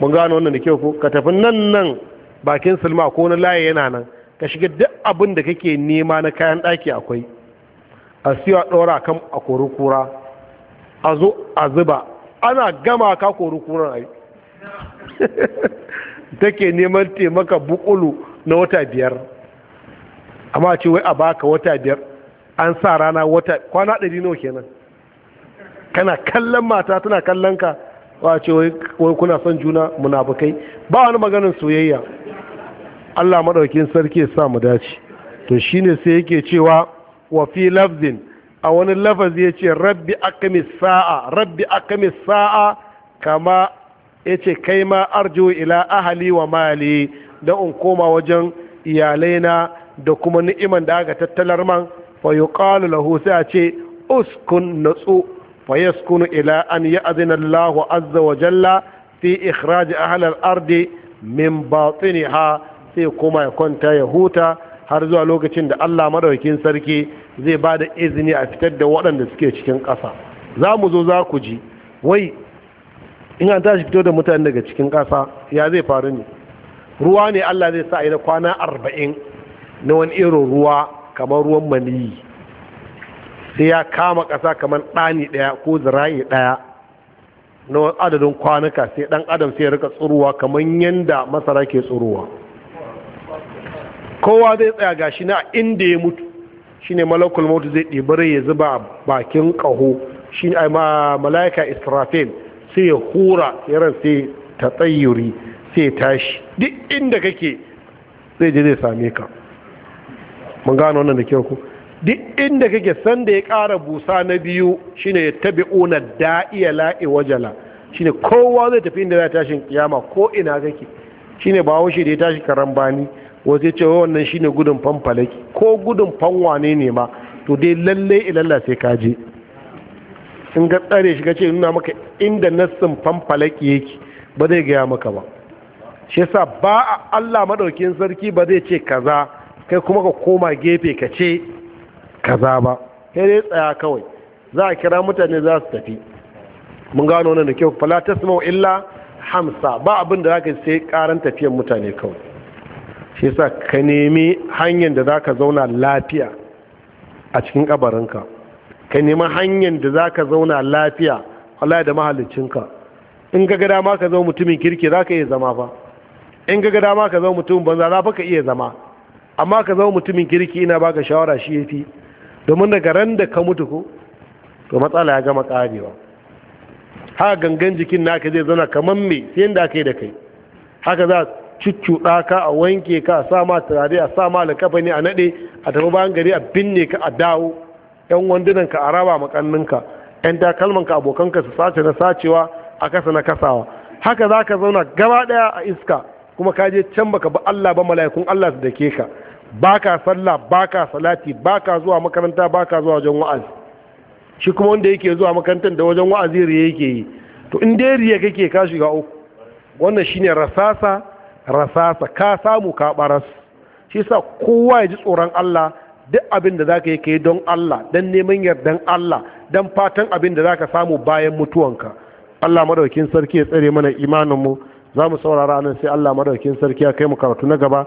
mun gano wannan da kyau ko, ka tafi nan nan bakin sulma ko na laye yana nan ka shiga duk abin da kake nema na kayan ɗaki akwai a siya ɗora kan a kori kura a zo a zuba ana gama ka kori kura ai take neman taimaka bukulu na wata biyar amma ce wai a baka wata biyar an sa rana wata kwana ɗari nawa kenan kana kallon mata tana kallon ka wa ce wai kuna son juna munafukai ba wani maganin soyayya Allah maɗaukin sarki ya sa mu dace to shine sai yake cewa wa fi lafzin a wani lafazi ya ce rabbi akami sa'a rabbi akami sa'a kama ya ce kai ma arjo ila ahali wa mali da in koma wajen iyalaina da kuma ni'iman da aka tattalar man fa yuqalu lahu sai a ce uskun natsu Fayaskunu ila an ya'zina Allahu azza wa jalla fi ikhraj ahli al-ardi min ha sai kuma ya kwanta ya huta har zuwa lokacin da Allah madaukin sarki zai ba da izini a fitar da waɗanda suke cikin ƙasa za mu zo za ku ji wai in an tashi fito da mutane daga cikin ƙasa ya zai faru ne ruwa ne Allah zai sa a kwana arba'in na wani irin ruwa kamar ruwan maniyi sai ya kama ƙasa kamar ɗani ɗaya ko zira'i ɗaya na adadin kwanuka sai ɗan adam sai ya rika tsuruwa kamar yadda masara ke tsuruwa kowa zai tsaya ga shi na inda ya mutu shi ne malakul mutu zai ɗibirai ya zuba a bakin ƙaho shi ne mala'ika israfil sai ya hura yaran sai ta tsayyuri sai tashi duk inda kake zai je zai same ka mun gano wannan da kyau ku duk inda kake san da ya kara busa na biyu shine ya una da'iya la'i wajala shine kowa zai tafi inda za tashin kiyama ko ina kake shine ba wushe da ya tashi karan ni? wasu ce wannan shine gudun fanfalaki ko gudun fanwane ne ma to dai lalle ilalla sai ka je in ga tsare shi kace nuna maka inda nassin fanfalaki yake ba zai gaya maka ba shi yasa ba Allah madaukin sarki ba zai ce kaza kai kuma ka koma gefe ka ce kaza ba sai dai tsaya kawai za a kira mutane za su tafi mun gano wannan da kyau fala tasma'u illa hamsa ba abin da zaka sai karan tafiyan mutane kawai shi yasa ka nemi hanyar da zaka zauna lafiya a cikin kabarinka ka nemi hanyar da zaka zauna lafiya wala da mahallicinka in ga gada ma ka zama mutumin kirki za ka iya zama fa in ga gada ma ka zama mutumin banza za ka iya zama amma ka zama mutumin kirki ina baka shawara shi ya fi domin daga ran da ka mutu ko to matsala ya gama karewa ha gangan jikin naka zai zana kamar me sai da kai da kai haka za cuccuɗa ka a wanke ka a sa ma turare a sa ma ne a naɗe a tafi bayan gari a binne ka a dawo yan wandunan ka a raba makanninka yan takalman ka abokan ka su sace na sacewa a kasa na kasawa haka za ka zauna gaba ɗaya a iska kuma ka je can baka ba Allah ba mala'ikun Allah su dake ka baka sallah baka salati baka zuwa makaranta baka zuwa wajen wa'azi shi kuma wanda yake zuwa makaranta da wajen wa'azi riya yake yi to in dai riya kake ka shiga uku wannan shine rasasa rasasa ka samu ka baras shi yasa kowa ya ji tsoron Allah duk abin da zaka yi kai don Allah dan neman yardan Allah dan fatan abin da zaka samu bayan mutuwanka Allah madaukin sarki ya tsare mana imanin mu zamu saurara nan sai Allah madaukin sarki ya kai mu karatu na gaba